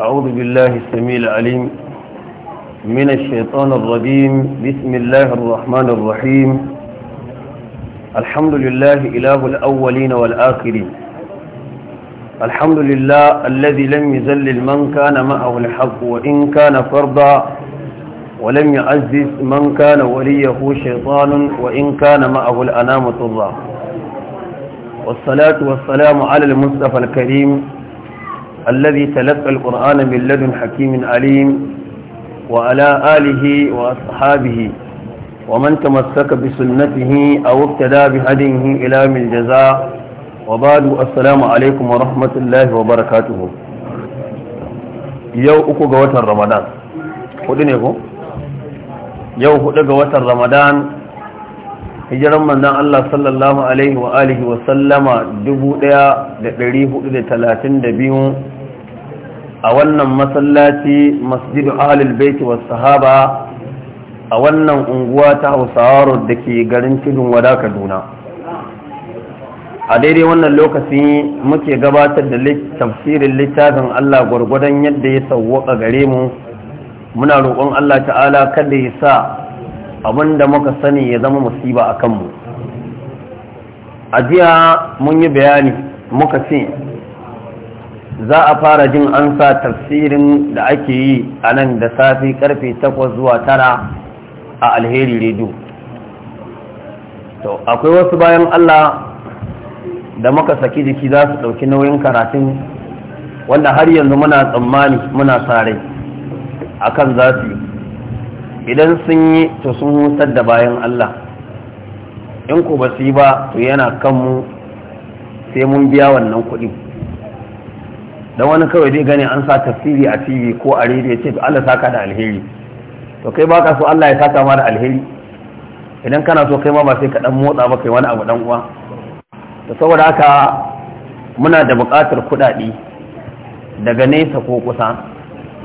أعوذ بالله السميع العليم من الشيطان الرجيم بسم الله الرحمن الرحيم الحمد لله إله الأولين والآخرين الحمد لله الذي لم يذلل من كان معه الحق وإن كان فرضا ولم يعزز من كان وليه شيطان وإن كان معه الأنام طرا والصلاة والسلام على المصطفى الكريم الذي تلقى القرآن من لدن حكيم عليم وعلى آله وأصحابه ومن تمسك بسنته أو ابتدى بهديه إلى من الجزاء وبعد السلام عليكم ورحمة الله وبركاته يو أكو قوة رمضان خدني يو خدني قوة رمضان hijiran manzon Allah sallallahu alaihi wa alihi wa sallama 1432 a wannan masallaci masjidu ahlul baiti wa sahaba a wannan unguwa ta Hausawa da ke garin Tudun Wada Kaduna a daidai wannan lokaci muke gabatar da tafsirin littafin Allah gwargwadon yadda ya sauwaka gare mu muna roƙon Allah ta'ala kada ya sa da muka sani ya zama musiba a kanmu a jiya mun yi bayani muka ce za a fara jin an sa tafsirin da ake yi a nan da safi karfe 8 zuwa tara a alheri radio to akwai wasu bayan allah da muka saki jiki za su ɗauki nauyin karatun wanda har yanzu muna tsammani muna sare akan za su idan sun yi to sun hutar da bayan Allah in ku ba su yi ba to yana kanmu sai mun biya wannan kuɗi don wani kawai zai gane an sa tafsiri a tv ko a rediyo ce to Allah saka da alheri to kai baka so Allah ya saka ma da alheri idan kana so kai ma ba sai ka dan motsa ba kai wani abu dan uwa to saboda haka muna da buƙatar kuɗaɗe daga nesa ko kusa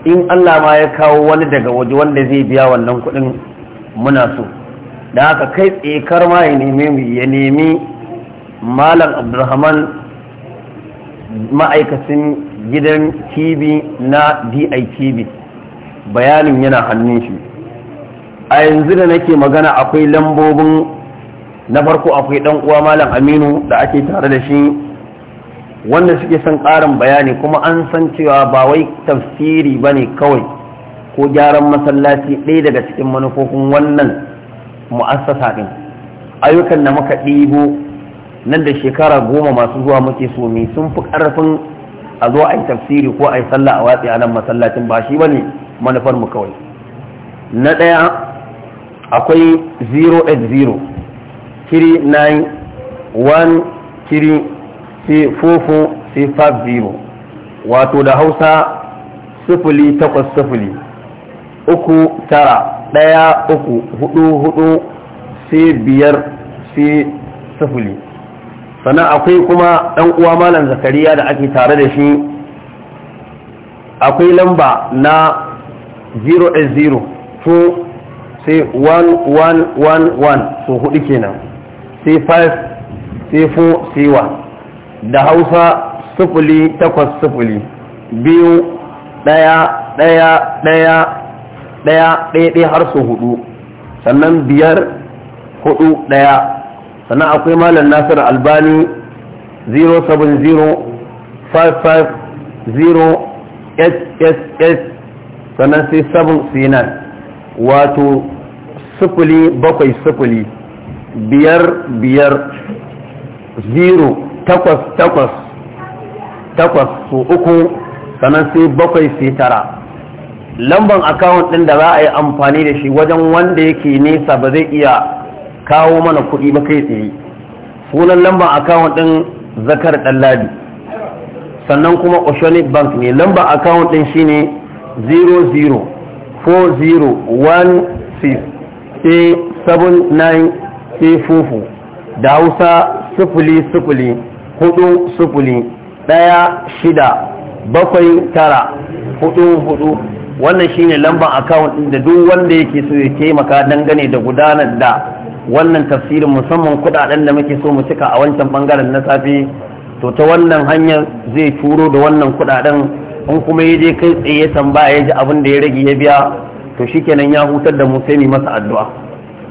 in Allah ma ya kawo wani daga waje wanda zai biya wannan kuɗin muna so da haka kai tsekar kar ma ya nemi ya nemi malam abdulrahman ma'aikacin gidan tv na ditv bayanin yana hannun shi a yanzu da nake magana akwai lambobin na farko akwai dan uwa malam aminu da ake tare da shi wanda suke son ƙarin bayani kuma an san cewa ba wai tafsiri ba ne kawai ko gyaran masallaci ɗaya daga cikin manufofin wannan mu'assasa ɗin ayyukan da muka ɗibo nan da shekara goma masu zuwa muke so ne sun fi ƙarfin a zo a yi tafsiri ko a yi sallah a watsi a nan masallacin ba shi ba ne manufar mu kawai na ɗaya akwai 080 3 9 1 kiri sai fofo sai zero wato da hausa sifili takwas sifili uku tara ɗaya uku hudu hudu sai biyar sai sifili sannan akwai kuma ɗan uwa malam zakariya da ake tare da shi akwai lamba na 0 to sai 1111 so hudu kenan sai 5 sai 4 sai 1 da hausa sufuli takwas sufuli biyu ɗaya ɗaya ɗaya ɗaya ɗaya ɗaya har su hudu sannan biyar hudu ɗaya sannan akwai malam nasir albani 070-550-888 sannan sai 7 sinan wato sufuli bakwai sufuli biyar biyar takwas takwas takwas su uku sannan sai bakwai sai tara lamban account ɗin da za a yi amfani da shi wajen wanda yake nesa ba zai iya kawo mana kuɗi ba kai tsaye sunan lamban account ɗin zakar ɗallabi sannan kuma oceanic bank ne lamban account ɗin shine 004016 a fufu da hausa sifili hudu sufuli ɗaya shida bakwai tara hudu hudu wannan shine lambar account din da duk wanda yake so ya taimaka dangane da gudanar da wannan tafsirin musamman kudaden da muke so mu cika a wancan bangaren na safe to ta wannan hanyar zai turo da wannan kudaden in kuma ya je kai tsaye tambaya ya ji abin da ya rage ya biya to shikenan ya hutar da mu sai mu masa addu'a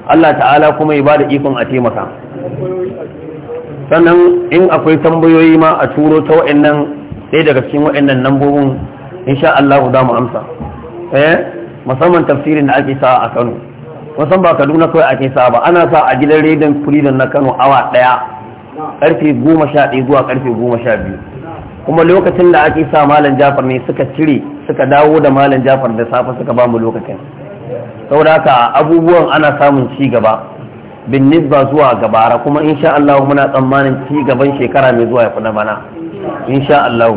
Allah ta'ala kuma ya bada ikon a taimaka sannan in akwai tambayoyi ma a turo ta wa'annan ɗaya daga cikin wa'annan lambobin insha Allah ku damu amsa eh musamman tafsirin da ake sa a Kano wasan ba Kaduna kawai ake sa ba ana sa a gidan rediyon Freedom na Kano awa ɗaya karfe 10:00 zuwa karfe goma kuma lokacin da ake sa malam jafar ne suka cire suka dawo da malam jafar da safe suka ba mu lokacin saboda haka abubuwan ana samun ci gaba بالنسبه زوا غبارا كما ان شاء الله منا تمانن تي غبن شيكرا مي زوا يا بنا ان شاء الله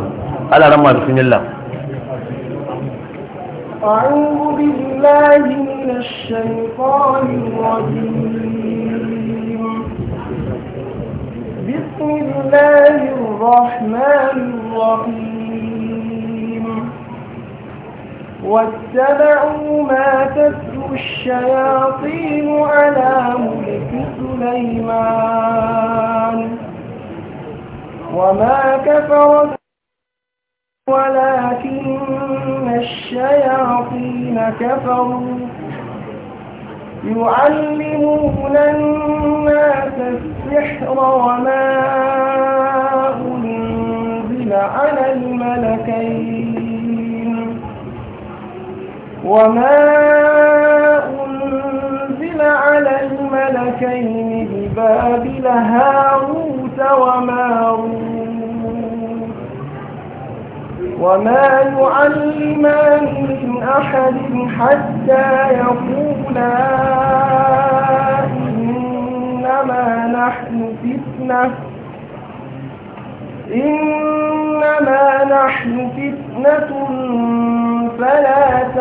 على رحم الله بسم الله أعوذ بالله من الشيطان الرجيم بسم الله الرحمن الرحيم واتبعوا ما تتلو الشياطين على ملك سليمان وما كفر ولكن الشياطين كفروا يعلمون الناس السحر وما أنزل على الملكين وما أنزل على الملكين ببابل لهاروت وما يعلمان من أحد حتى يقولا إنما نحن فتنة إنما نحن فتنة فلا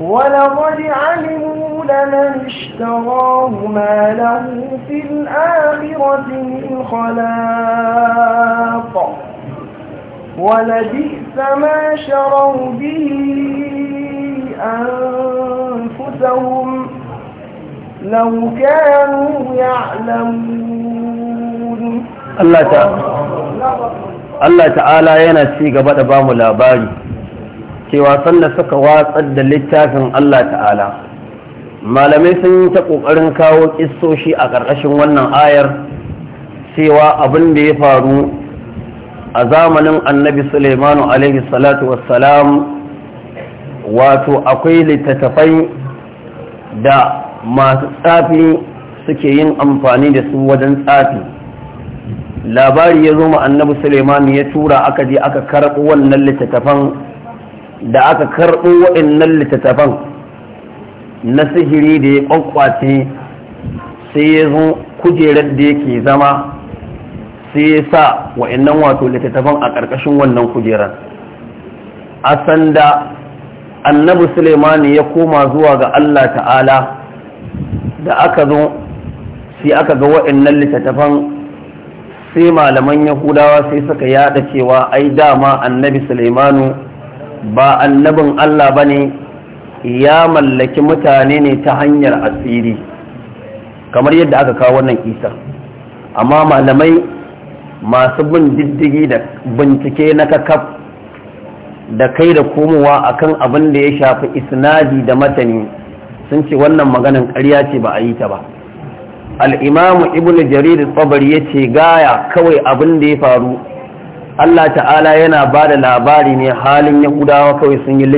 ولقد علموا لمن اشتراه ما له في الآخرة من خلاق ولبئس ما شروا به أنفسهم لو كانوا يعلمون الله تعالى الله تعالى ينسي ci بام da cewa sanda suka watsar da littafin Allah ta'ala malamai sun yi ta ƙoƙarin kawo ƙistoshi a ƙarƙashin wannan ayar cewa abin da ya faru a zamanin annabi Suleimanu alaihi salatu wassalam wato akwai littattafai da masu tsafi suke yin amfani da su wajen tsafi labari ya zo annabi Suleimanu ya tura aka je aka karɓi wannan littattafan da aka karɓo waɗannan littattafan na sihiri da ya ƙwaƙwace sai ya zo kujerar da yake zama sai ya sa waɗannan wato littattafan a ƙarƙashin wannan kujerar a sanda annabi suleimani ya koma zuwa ga allah ta'ala da aka zo sai aka ga waɗannan littattafan sai malaman yahudawa sai suka yada cewa ai dama annabi suleimanu ba annabin Allah ba ne ya mallaki mutane ne ta hanyar asiri kamar yadda aka kawo wannan isa amma malamai masu bin diddigi da bincike na kakaf da kai da komowa akan abin da ya shafi isnadi da matani sun ce wannan maganin karya ce ba a yi ta ba al'imamu ibn jarir tsabar ya ce gaya kawai abin da ya faru Allah ta'ala yana ba da labari ne halin yahudawa kawai sun yi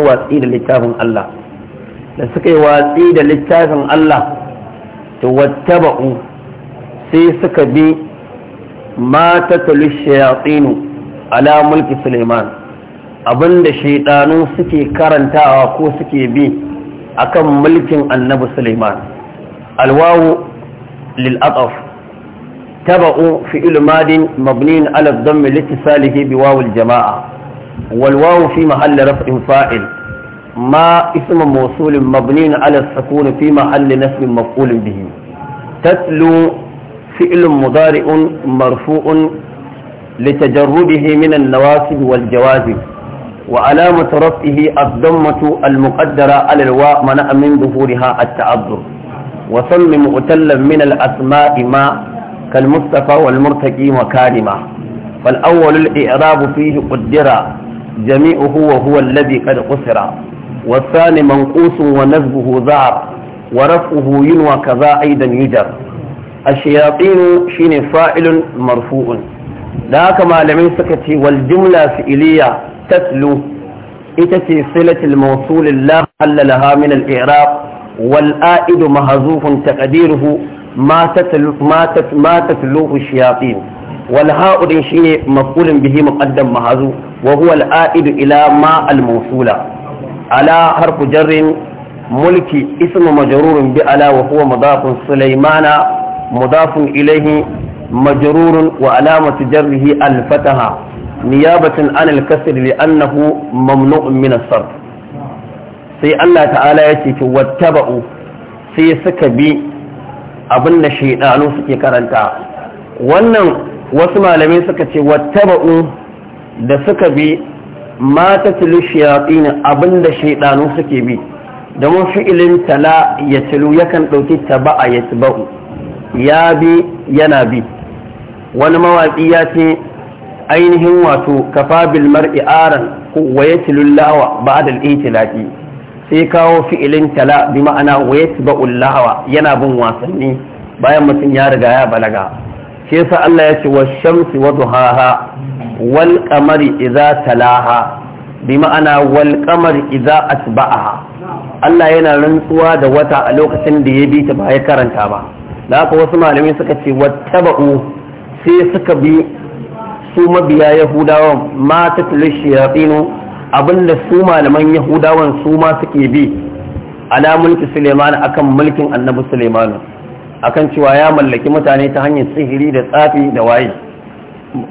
watsi da littafin Allah da suka yi watsi da littafin Allah to wattaba'u sai suka bi mata ta ala mulki suleiman abinda shaidanu suke karantawa ko suke bi akan mulkin annabi suleiman alwawu lil'ataf تبع فعل ماد مبني على الضم لاتصاله بواو الجماعة والواو في محل رفع فاعل ما اسم موصول مبني على السكون في محل نسب مفعول به تتلو فعل مضارع مرفوع لتجربه من النواسب والجوازب وعلامة رفعه الضمة المقدرة على الواء منع من ظهورها التعذر وصل مؤتلا من الأسماء ما كالمصطفى والمرتقي وكارمة فالأول الإعراب فيه قدر جميعه وهو الذي قد قصر والثاني منقوص ونزبه ذعر ورفعه ينوى كذا أيضا يجر الشياطين شين فاعل مرفوع لا كما لم يسكت والجملة فئلية تتلو إتتي صلة الموصول لا حل لها من الإعراب والآئد مهزوف تقديره ma tatluhu shayatin wal ha'u din shine maf'ulun bihi muqaddam mahazu wa huwa al ila ma al mawsula ala harfu jarrin mulki ismu majarurin bi ala wa huwa mudafun sulaymana mudafun ilayhi majrurun wa alamatu jarrihi al fataha niyabatan an al kasr li annahu mamnu'un min as sarf sai Allah ta'ala yace ki wattaba'u sai suka bi abin da shaidanu suke karanta wannan wasu malamai suka ce wattaba'u da suka bi mata tilu shayatin abin da shaidanu suke bi domin fi'ilin tala ya tilu yakan ɗauki taba'a ya tiba'u ya bi yana bi wani mawaƙi ya ce ainihin wato kafa bil mar'i aran wa ya tilu lawa ba'da al sai kawo fi'ilin tala bi ma'ana wa yatba'ul lahawa yana bin wasanni bayan mutum ya riga ya balaga sai Allah ya ce wash-shamsi wa duhaha wal qamari idza talaha bi ma'ana wal qamari idza asba'aha Allah yana rantsuwa da wata a lokacin da ya bi ta ba ya karanta ba da haka wasu malamai suka ce wattaba'u sai suka bi su mabiya yahudawa ma tatlu shayatin abinda su malaman yahudawan su ma suke bi ala mulki suleiman akan mulkin annabi suleiman akan cewa ya mallaki mutane ta hanyar sihiri da tsafi da waye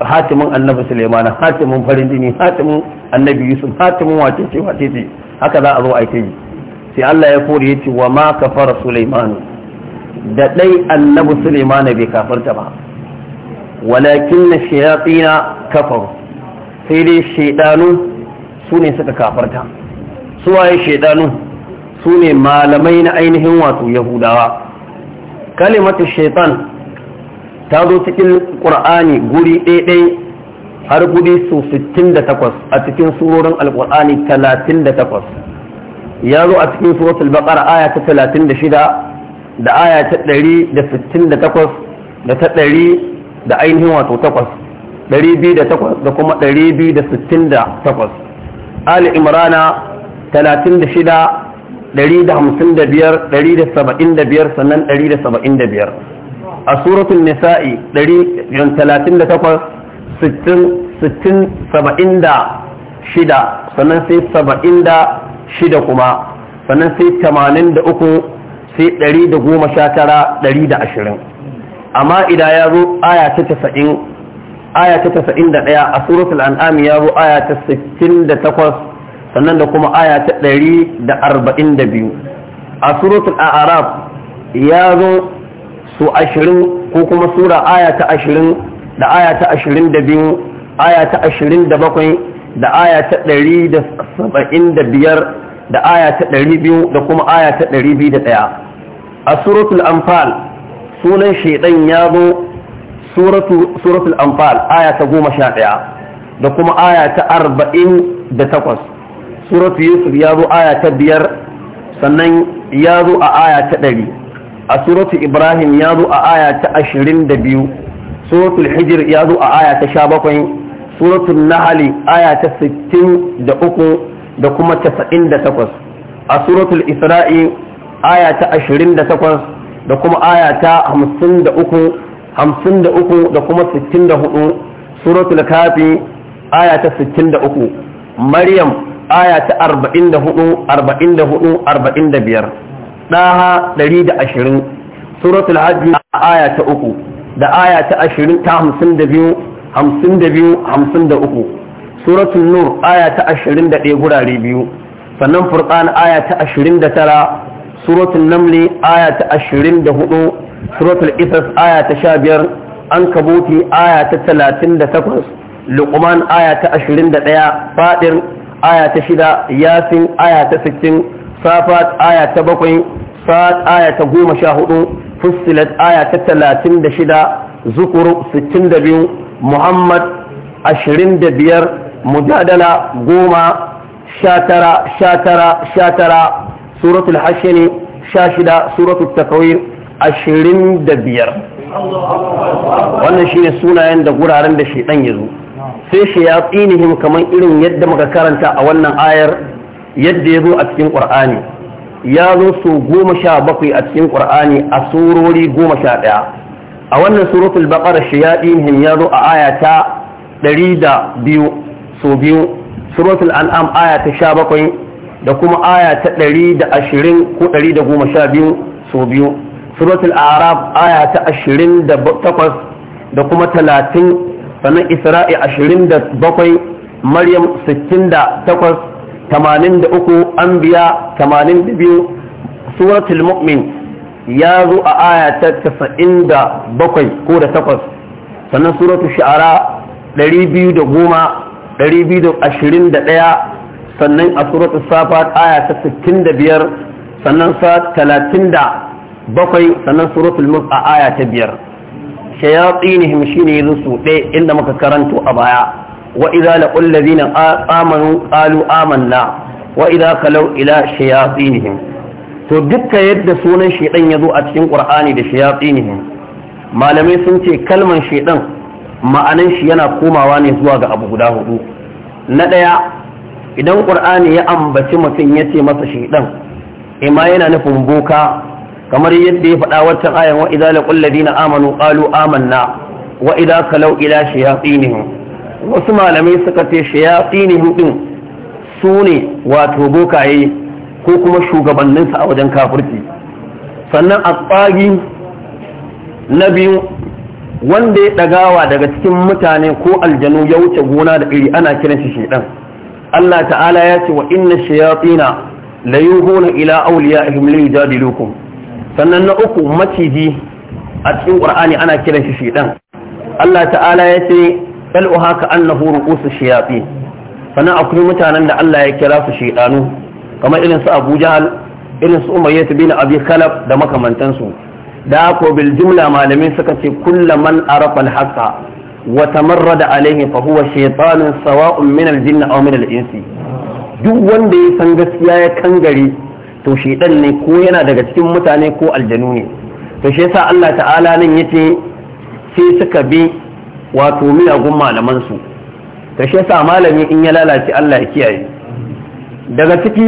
hatimin annabi suleiman hatimin farin jini hatimin annabi yusuf hatimin wace ce, haka za a zo a yi sai Allah ya kore ya ce wa ma kafara suleiman da dai annabi suleiman bai kafarta ba walakin na shayatina kafaru sai dai shaidanu su ne suka kafarta suwaye shaidanu su ne malamai na ainihin wato yahudawa kalimatu shaitan ta zo cikin ƙur'ani guri ɗaiɗai har guri su 68 a cikin surorin alƙur'ani 38 ya zo a cikin suratul baqara aya ta 36 da aya ta 168 da ta 100 da ainihin wato takwas 8 biyu da takwas da kuma biyu da da sittin takwas. ali imrana 36 sannan 175 a suratun nisa'i 138 60 76 sannan sai 76 kuma sannan sai 83 sai 119 amma idan ya zo aya ta 90 aya ta ɗaya a suratul an'am ya zo aya ta takwas sannan da kuma aya ta biyu. a suratul a'raf ya zo su ashirin ko kuma sura aya ta ashirin da aya ta biyu aya ta ashirin da aya ta ɗari da aya ta biyu da kuma aya ta ɗaya. a suratul anfal sunan shaidan ya zo suratul anfal aya ta goma sha ɗaya da kuma aya ta arba'in da takwas suratul yusuf ya zo aya ta biyar sannan ya zo a aya ta ɗari a suratul ibrahim ya zo a aya ta ashirin da biyu suratul hijir ya zo a aya ta sha bakwai suratul nahali aya ta sittin da uku da kuma tasa'in da takwas a suratul isra'i aya ta ashirin da takwas da kuma aya ta hamsin da uku hamsin da uku da kuma sittin da hudu suratul kafi aya ta sittin da uku maryam aya ta arba'in da hudu arba'in da hudu arba'in da biyar ɗaha ɗari da ashirin suratul hajji aya ta uku da aya ta ashirin ta hamsin da biyu hamsin da biyu hamsin da uku suratul nur aya ta ashirin da ɗaya gurare biyu sannan furqan aya ta ashirin da tara suratul namli aya ta ashirin da hudu suratul isas aya ta sha biyar an kabuti aya ta talatin da takwas luqman aya ta ashirin da ɗaya faɗin aya ta shida yasin aya ta sittin safat aya ta bakwai sa'ad aya ta goma sha hudu fussilat aya ta talatin da shida zukuru sittin da biyu muhammad ashirin da biyar mujadala goma sha tara sha tara sha tara suratul hashini sha shida suratul takawir ashirin da biyar wannan shine sunayen da guraren da shaidan ya zo sai shi ya tsinihim kamar irin yadda muka karanta a wannan ayar yadda ya zo a cikin ƙwar'ani ya zo su goma sha bakwai a cikin ƙwar'ani a surori goma sha ɗaya a wannan suratul baƙar shi ya tsinihim ya zo a aya ta ɗari da biyu so biyu suratul an'am aya ta sha bakwai da kuma aya ta ɗari da ashirin ko ɗari da goma sha biyu so biyu suratul arab aya ta 28 da kuma 30 sannan isra'i 27 maryam 68 83 anbiya 82 suratul mu'min ya zo a aya ta 97 ko da 8 sannan suratul shu'ara 210 221 sannan a suratul safat aya ta 65 sannan sa 30 bakwai sannan suratul mulk a aya ta biyar shayatsinihim shine yazo su ɗaya inda muka karanto a baya wa idza laqul ladina amanu qalu amanna wa idza kalau ila shayatsinihim to dukkan yadda sunan shedan yazo a cikin qur'ani da shayatsinihim malamai sun ce kalman shedan ma'anan shi yana komawa ne zuwa ga abu guda hudu na daya idan qur'ani ya ambaci mutum yace masa shedan ima yana nufin boka kamar yadda ya faɗa wancan ayan wa idza laqul ladina amanu qalu amanna wa idza kalau ila shayatinihim wasu malamai suka ce shayatinihim din su ne wato bokaye ko kuma shugabanninsa a wajen kafirci sannan a atsagi na biyu wanda ya ɗagawa daga cikin mutane ko aljanu ya wuce gona da iri ana kiran shi shedan Allah ta'ala ya ce wa inna shayatina la yuhuna ila awliya'ihim li yujadilukum sannan na uku maciji a cikin ƙur'ani ana kiran shi shedan Allah ta'ala ya ce tal'uha ka annahu ru'usu shayatin sannan akwai mutanen da Allah ya kira su shedanu kamar irin su Abu Jahal irin su Umayyah bin Abi Khalaf da makamantansu da ko bil jumla malamin suka ce kullu man arafa al-haqa wa tamarrada alayhi fa huwa shaytanun sawa'un min al-jinn aw min al-insi duk wanda ya san gaskiya ya kangare to shedan ne ko yana daga cikin mutane ko aljanu ne to shi yasa Allah ta'ala nan yace sai suka bi wato miyagun malaman su to shi yasa malami in ya lalace Allah ya kiyaye daga ciki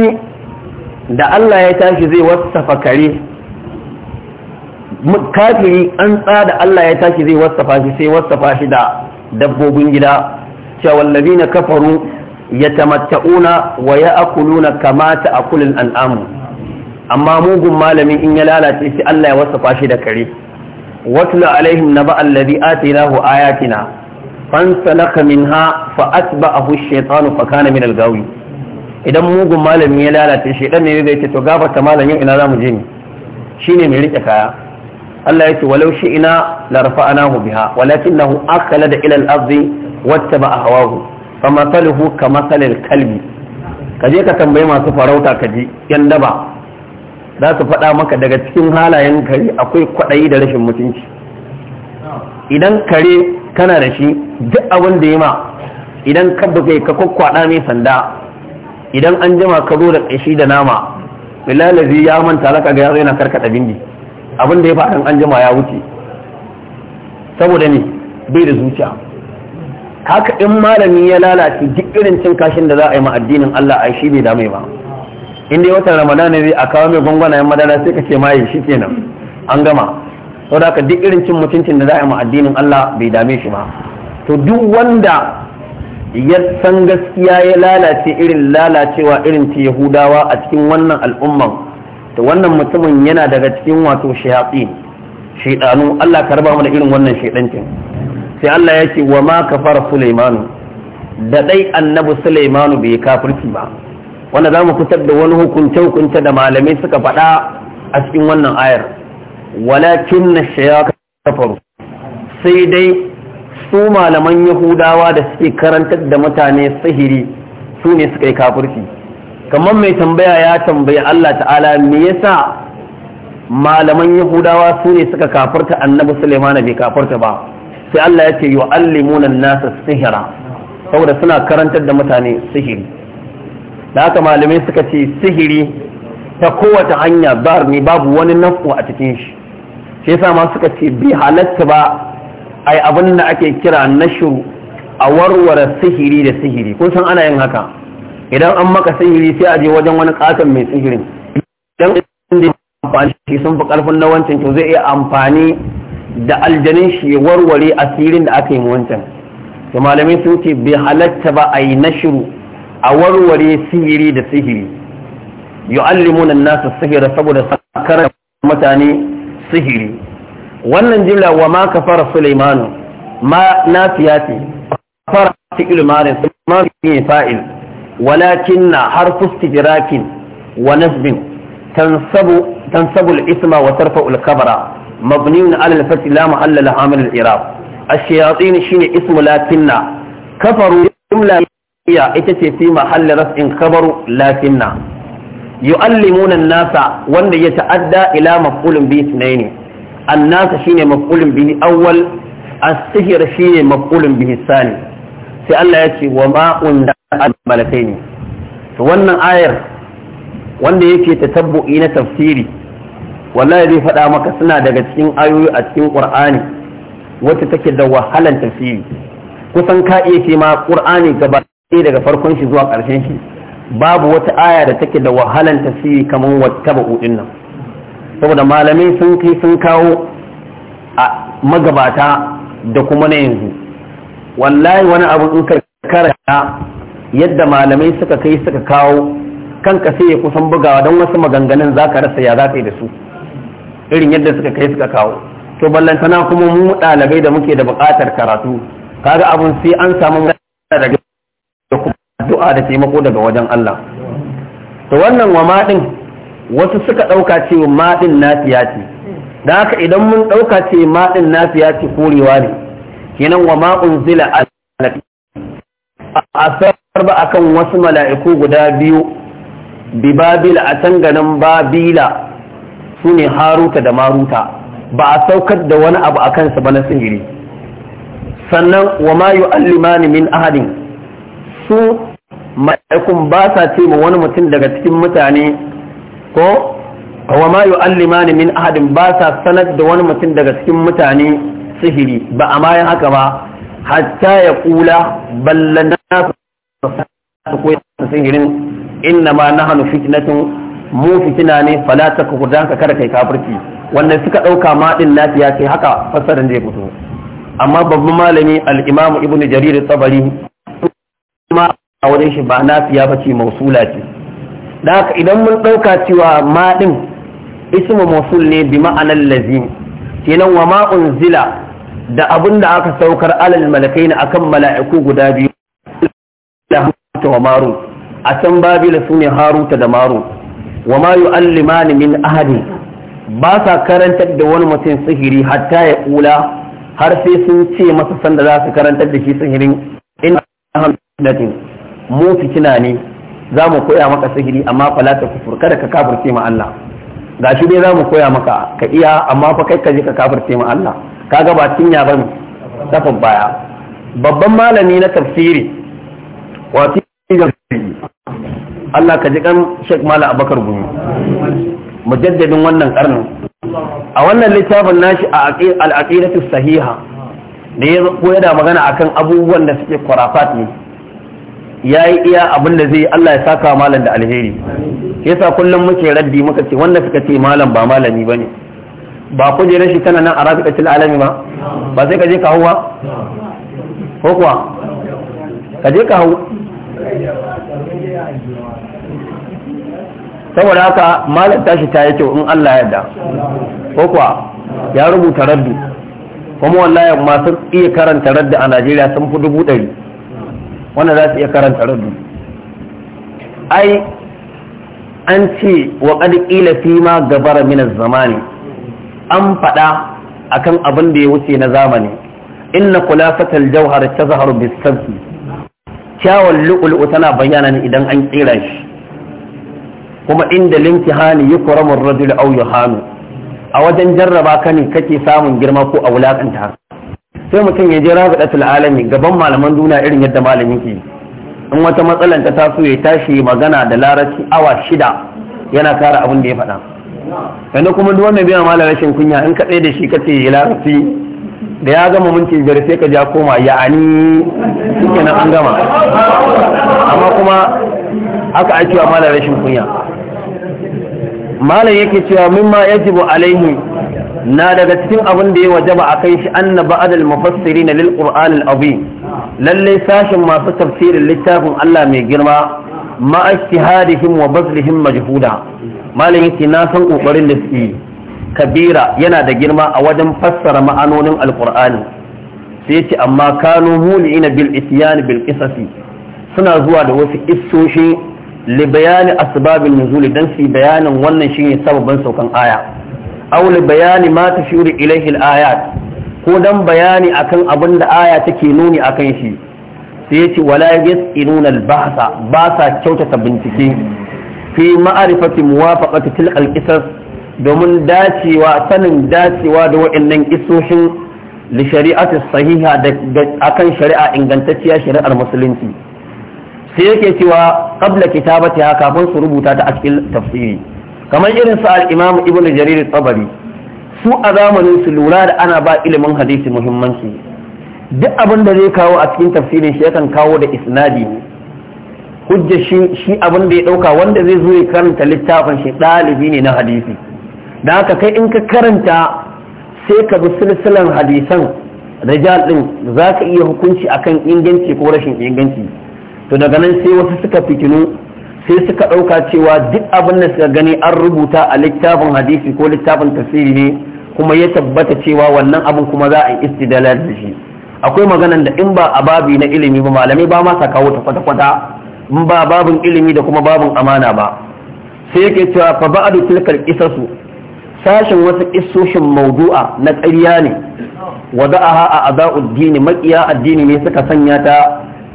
da Allah ya tashi zai wasafa kare kafiri an tsada Allah ya tashi zai wasafa shi sai wasafa shi da dabbobin gida cewa wallazina kafaru yatamatta'una wa ya'kuluna kama ta'kulul an'am amma mugun malamin in ya lalace shi Allah ya wasafa shi da kare watla alaihim naba alladhi atinahu ayatina fansalaka minha fa atba'ahu ash-shaytanu fa kana min al-gawi idan mugun malamin ya lalace shi dan ne zai ce to gabata malamin ina zamu je ni shine mai rike kaya Allah ya ce walau shi ina la rafa'anahu biha walakinahu akala da ila al-ardi wattaba hawahu fa masaluhu ka masalil kalbi ka je ka tambayi masu farauta ka ji yan daba za su faɗa maka daga cikin halayen kare akwai kwaɗayi da rashin mutunci idan kare kana da shi duk abin da ya ma idan ka buga ka kwakwada mai sanda idan an jima ka zo da ƙashi da nama lalazi ya manta laka ga yazo yana karkata bindi abin da ya faɗin an jima ya wuce saboda ne bai da zuciya haka in malami ya lalace duk irin cin kashin da za a yi ma addinin Allah ai shi bai mai ba in dai watan ramadan ne a kawo mai yan madara sai ka ce maye shi kenan an gama saboda haka duk irin cin mutuncin da za a yi ma addinin Allah bai dame shi ba to duk wanda ya san gaskiya ya lalace irin lalacewa irin ta yahudawa a cikin wannan al'umman to wannan mutumin yana daga cikin wato shayatin shaidanu Allah ka raba mu da irin wannan shaidancin sai Allah ya ce wa ma ka fara Suleimanu? da dai annabi Suleimanu bai kafirci ba wanda za mu fitar da wani hukunce hukunce da malamai suka faɗa a cikin wannan ayar walakin na shayaka faru. sai dai su malaman yahudawa da suke karantar da mutane sihiri su ne suka yi kafirci kamar mai tambaya ya tambayi Allah ta'ala me yasa malaman yahudawa su ne suka kafarta annabi Suleimanu bai kafarta ba sai Allah ya ce wa allimunan nasa sihira saboda suna karantar da mutane sihiri da haka malamai suka ce sihiri ta kowace hanya bar ne babu wani nafu a cikin shi shi yasa ma suka ce bi halatta ba ai abin da ake kira nashu a warware sihiri da sihiri kun san ana yin haka idan an maka sihiri sai a je wajen wani katon mai sihirin idan da amfani sun fi karfin na wancan to zai iya amfani da aljanin shi ya warware asirin da aka yi wancan to malamai sun ce bai halatta ba a yi nashiru a warware sihiri da sihiri yu'allimuna an-nasa sihira saboda sakar mutane sihiri wannan jimla wa ma fara sulaimanu ma nafiya ce kafara fi'il marin sulaiman ne fa'il walakinna harfu istijrakin wa nasbin tansabu isma wa tarfa'u Ulkabara. مبني على الفتح لا محل لها من الإعراب الشياطين شين اسم لكننا كفروا جملة ita fi mahalli raf'in kabaru lafinna yu'allimuna an-nasa wanda ya ta'adda ila maf'ulin bihi sunaini an-nasa shine maf'ulin bihi awwal as-sihr shine maf'ulin bihi sani sai Allah ya ce wa ma unda al wannan ayar wanda yake tatabbu'i na tafsiri wallahi zai faɗa maka suna daga cikin ayoyi a cikin ƙur'ani wacce take da wahalan tafsiri kusan ka iya ce ma ƙur'ani gaba ɗaya daga farkon shi zuwa ƙarshen shi babu wata aya da take da wahalan tafsiri kamar wata uɗin nan saboda malamai sun kai sun kawo a magabata da kuma na yanzu wallahi wani abu in ka yadda malamai suka kai suka kawo kanka sai ya kusan bugawa don wasu maganganun za ka rasa ya za ka yi da su irin yadda suka kai suka kawo to ballantana kuma mu dalibai da muke da buƙatar karatu kaga abun sai an samu daga addu'a da taimako daga wajen Allah to wannan wa madin wasu suka ɗauka cewa madin nafiya ce da haka idan mun ɗauka ce madin nafiya ce korewa ne kenan wa ma'un zila a asar ba akan wasu mala'iku guda biyu bi babila a can ganin babila su ne haruta da maruta ba a saukar da wani abu a kansa ba na sihiri sannan wa ma yi allimani min ahadin su ma'aikun ba sa ce ma wani mutum daga cikin mutane ko wa ma yi allimani min ahadin ba sa sanar da wani mutum daga cikin mutane sihiri ba a mayan haka ba hatta ya kula ballana su koyi sihirin inna ma nahnu fitnatun mu fitina ne fala ta ku dan ka kada kai kafirci wannan suka dauka ma din lafiya sai haka da zai fito amma babban malami al-imam ibnu jarir tabari kuma a wurin shi ba nafiya bace mausula ce da haka idan mun dauka cewa ma din ismu mausul ne bi ma'anar allazi kenan wa ma unzila da abin da aka saukar alal malakai na akan mala'iku guda biyu da wa maru a can babila sune ne haruta da maru wa ma yu'allimani min ahadi ba sa karantar da wani mutum sihiri hatta ya kula har sai sun ce masa sanda za su karantar da shi sihirin in hamdatin mu kina ne za mu koya maka sihiri amma fala ta kufur kada ka kafirce ma Allah Ga shi dai za mu koya maka ka iya amma fa kai ka je ka kafirce ma Allah kaga ba cinya bane tafin baya babban malami na tafsiri wato Allah ka ji kan Sheikh Mala Abakar Gumi mujaddadin wannan karnin a wannan littafin nashi a al-aqidatu sahiha da ya koyar da magana akan abubuwan da suke kurafat ne yayi iya abin da zai Allah ya saka malam da alheri yasa kullum muke raddi muka ce wanda suka ce malam ba malami bane ba kujerar shi tana nan a rafiƙacin alami ba ba sai ka je ka hau ba ko kuwa ka je ka hau saboda haka malam tashi ta yi kyau in Allah ya yarda ko kuwa ya rubuta raddu kuma wallahi masu iya karanta raddu a Najeriya sun fi dubu ɗari wanda za su iya karanta raddu ai an ce wa qad fi ma gabara min zamani an faɗa akan abin da ya wuce na zamani inna kulafatal jawhar tazharu bis sabti kyawun luu tana bayyana ne idan an tsira shi kuma inda linki hani yi kuramun rajul au ya hannu a wajen jarraba ka ne kake samun girma ko a wulakanta sai mutum ya je rabidatul alami gaban malaman duniya irin yadda malamin ke in wata matsalan ta taso ya tashi magana da larabci awa shida yana kara abin da ya faɗa yanzu kuma duk wanda biya malar rashin kunya in ka tsaye da shi ka ce larabci da ya gama minti biyar sai ka ja koma ya ani shikenan an gama amma kuma aka aikiwa wa malar rashin kunya malam yake cewa mimma yajibu alaihi na daga cikin abin da ya wajaba a kai shi anna ba'dal mufassirin lil qur'an al azim lalle sashin masu tafsirin littafin Allah mai girma ma ijtihadihim wa bazlihim majhuda malam yake na san kokarin da suke kabira yana da girma a wajen fassara ma'anonin alqur'ani sai ce amma kanu mulina bil ityan bil qisasi suna zuwa da wasu issoshi li bayani asbabin nuzul dan su bayanin wannan shine sababan saukan aya aw li bayani ma tashuru ilayhi al-ayat ko dan bayani akan abin da aya take nuni akan shi sai yace wala yasinuna al-bahsa ba sa kyautata bincike fi ma'rifati muwafaqati tilka al-qisas domin dacewa sanin dacewa da wa'annan isoshin li shari'ati sahiha da akan shari'a ingantacciya shari'ar musulunci sai yake cewa qabla ha kafin su rubuta ta a cikin tafsiri kamar irin su al-Imam Ibn Jarir Tabari su a zamanin su lura da ana ba ilimin hadisi muhimmanci duk abin da zai kawo a cikin tafsirin shi yakan kawo da isnadi hujja shi shi abin da ya dauka wanda zai zo ya karanta littafin shi dalibi ne na hadisi da haka kai in ka karanta sai ka bi silsilan hadisan rijal din zaka iya hukunci akan inganci ko rashin inganci to daga nan sai wasu suka fitinu sai suka ɗauka cewa duk abin da suka gani an rubuta a littafin hadisi ko littafin tafsiri ne kuma ya tabbata cewa wannan abin kuma za a yi istidala da shi akwai maganan da in ba a babi na ilimi ba malamai ba ma kawo ta kwata-kwata in ba babin ilimi da kuma babin amana ba sai yake cewa fa da tilkal qisasu sashin wasu isoshin maudu'a na ƙarya ne wada'aha a ada'ud dini maqiya addini ne suka sanya ta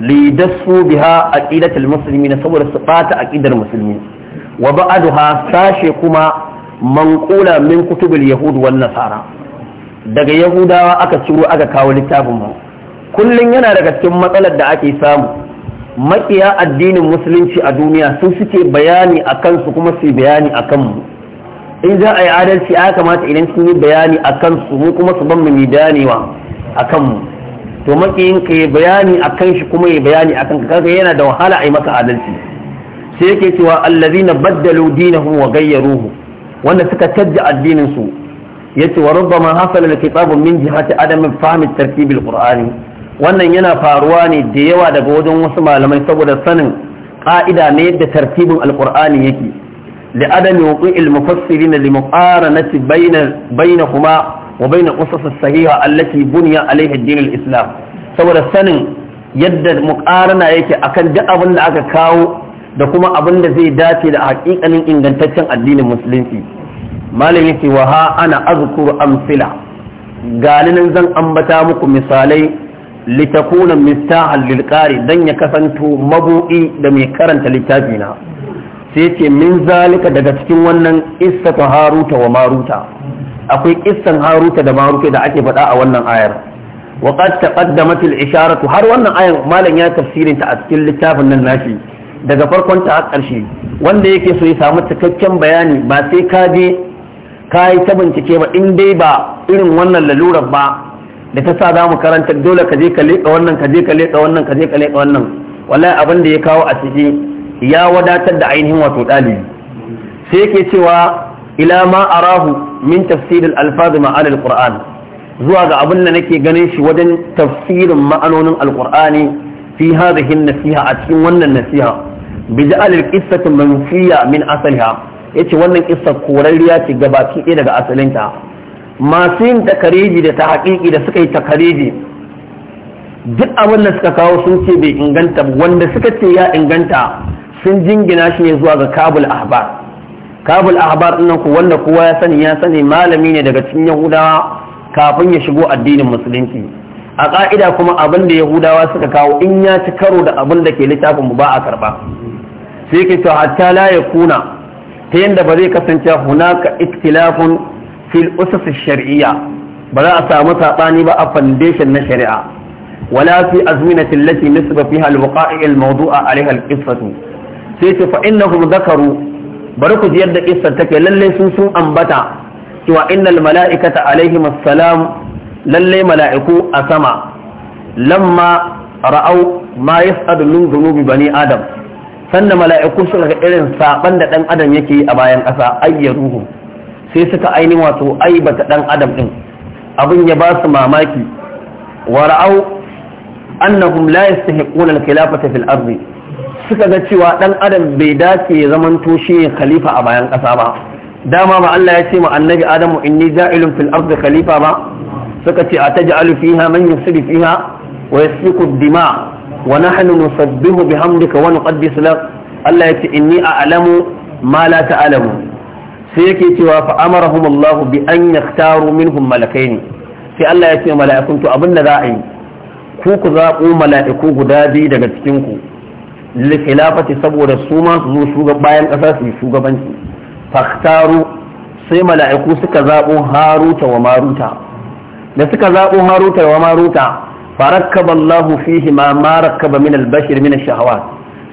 lidasu biha aqidatul muslimin saboda su bata aqidar musulmi wa ba'daha sashe kuma manqula min kutubul yahud nasara daga yahudawa aka ciro aka kawo littafin mu kullun yana daga cikin matsalar da ake samu makiya addinin musulunci a duniya sun suke bayani a su kuma su bayani a kanmu? in za a yi adalci ya kamata idan sun yi bayani a kansu mu kuma su ban mu bayani wa to makiyin ka yi bayani akan shi kuma yi bayani akan ka yana da wahala a yi maka adalci sai yake cewa allazina baddalo dinahum wa gayyaruhu wanda suka canja addinin su ce wa rubbama hasala da kitabun min jihati adam fahmi tartib al-qur'ani wannan yana faruwa ne da yawa daga wajen wasu malamai saboda sanin ka'ida na yadda tartibin al yake li adam wuqi' al-mufassirin li muqaranati bayna bainahuma wa bayna qasas as-sahiha allati buniya alaiha islam saboda sanin yadda muƙarana yake akan duk abin da aka kawo da kuma abin da zai dace da haƙiƙanin ingantaccen addinin musulunci malam yake wa ha ana azkuru amsila galinin zan ambata muku misalai litakuna mistahan lilqari dan ya kasanto mabu'i da mai karanta littafi na sai ce min zalika daga cikin wannan istata haruta wa maruta akwai kissan haruta da maruta da ake faɗa a wannan ayar wakar qad taqaddamat al isharatu har wannan ayar malam ya tafsirin ta a cikin littafin nan nashi daga farkon ta har ƙarshe wanda yake so ya samu cikakken bayani ba sai ka je ka yi ta bincike ba in dai ba irin wannan lalurar ba da ta sa za mu karanta dole ka je ka leƙa wannan ka je ka leƙa wannan ka je ka leƙa wannan wallahi abin da ya kawo a ciki ya wadatar da ainihin wato ɗalibi sai yake cewa ila ma arahu min tafsirin al ma'anar ma'ana quran zuwa ga abin da nake ganin shi wajen tafsirin ma'anonin al fiha fi hadhihi nasiha a cikin wannan nasiha bi ja'al al-qissatu manfiya min asliha yace wannan kisar korariya ce gabaki ɗaya daga asalinta masu yin takariji da ta haƙiƙi da suka yi takariji duk abin da suka kawo sun ce bai inganta wanda suka ce ya inganta sun jingina shi ne zuwa ga kabul ahbar kabul ahbar ɗin ku wanda kowa ya sani ya sani malami ne daga cikin yahudawa kafin ya shigo addinin musulunci a ƙa'ida kuma abin da yahudawa suka kawo in ya ci karo da abin da ke littafin mu ba a karba sai ke to hatta la ya kuna ta yadda ba zai kasance hunaka iktilafun fil usas shar'iyya ba za a samu saɓani ba a foundation na shari'a wala fi azminatin lati nisba fiha alwaqa'i almawdu'a alaiha alqisfatu sai ce fa innahum zakaru bari ku ji yadda kissar take lalle su sun ambata cewa innal mala'ikata alaihim assalam lalle mala'iku a sama lamma ra'au ma yas'adu min dhunubi bani adam sanda mala'iku suka ga irin saban da dan adam yake a bayan ƙasa ayyaruhu sai suka aini wato aibata dan adam din abin ya ba su mamaki wa ra'au annahum la yastahiquna al-khilafata fil ardi suka ga cewa dan adam bai dace ya zamanto shi khalifa a bayan ƙasa ba dama ba Allah ya ce ma annabi adamu inni ja'ilun fil ardi khalifa ba suka ce ataj'alu fiha man yusri fiha wa yasfiku dima wa nahnu nusabbihu bihamdika wa nuqaddisu lak Allah ya ce inni a'lamu ma la ta'lamu sai yake cewa fa amarahum Allah bi an yaktaru minhum malakaini sai Allah ya ce mala'ikun to abin da za a yi ku ku zaɓo mala'iku guda biyu daga cikin ku lilkhilafati saboda su ma su zo shugaban bayan kasa su yi shugabanci faktaru sai mala'iku suka zaɓo haruta wa maruta da suka zaɓo haruta wa maruta farakkaba Allahu fihi ma marakkaba min albashir min ash-shahawat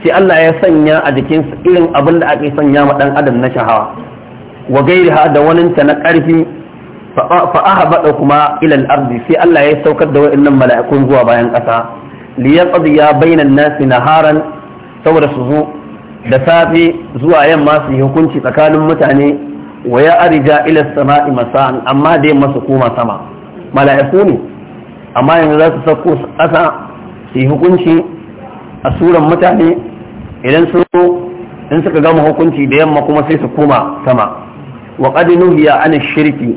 sai Allah ya sanya a jikin su irin abin da ake sanya ma dan adam na shahawa wa gairiha da wani ta na ƙarfi fa ahbada kuma ila al-ardi sai Allah ya saukar da wayannan mala'ikun zuwa bayan kasa liyaqdi ya bainan nasi naharan saboda su zo da safe zuwa yamma su yi hukunci tsakanin mutane wa ya arija ila sama'i masa'an amma da yamma su koma sama mala'iku ne amma yanzu za su sauko ƙasa su yi hukunci a suran mutane idan su in suka gama hukunci da yamma kuma sai su koma sama wa qad nuhiya an shirki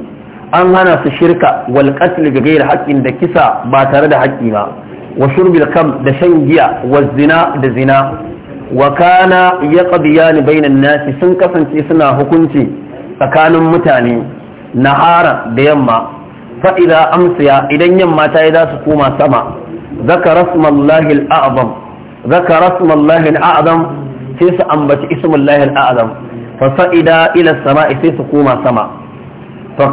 an hana su shirka wal qatl bi ghairi haqqin da kisa ba tare da haƙƙi ba wa shurbil kam da shan giya wa zina da zina wa kana yaqdiyani bainan nasi sun kasance suna hukunci tsakanin mutane nahara da yamma fa amsiya idan yamma ta yi za su koma sama zakara smallahi al-a'zam zakara smallahi sai su ambaci ismullahi al-a'zam fa sa'ida ila samai sai su koma sama za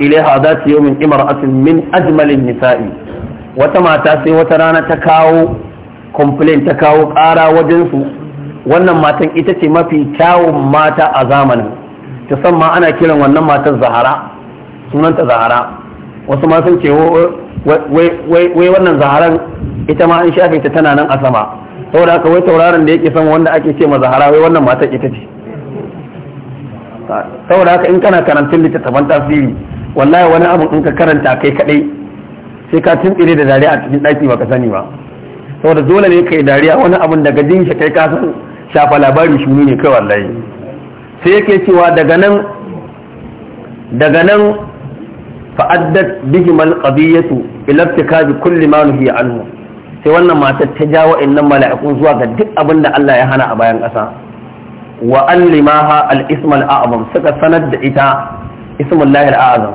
إليها yi min imar من ajmalin nisa'i. wata mata sai wata rana ta kawo complain ta kawo ƙara wajensu wannan matan ita ce mafi kyawun mata a zamanin ta san ma ana kiran wannan matan zahara sunanta zahara wasu ma sun ce oh, oh, wai wannan zaharan ita ma an shafe ta tana nan a sama saboda haka wai tauraron da yake sama wanda ake ce ma zahara wai wannan matan ita ce saboda haka in kana karantun littattafan tasiri wallahi wani abu in ka karanta kai kadai sai ka tuntsire da dariya a cikin ɗaki baka sani ba saboda dole ne kai dariya wani abun daga jin shi kai kasan shafa labari shi ne kai wallahi sai yake cewa daga nan daga nan fa'addat bihim alqadiyatu ila kulli ma nuhi anhu sai wannan matar ta jawo innan mala'ikun zuwa ga duk abin da Allah ya hana a bayan ƙasa wa allimaha al-ism azam suka sanar da ita ismullahi al-a'zam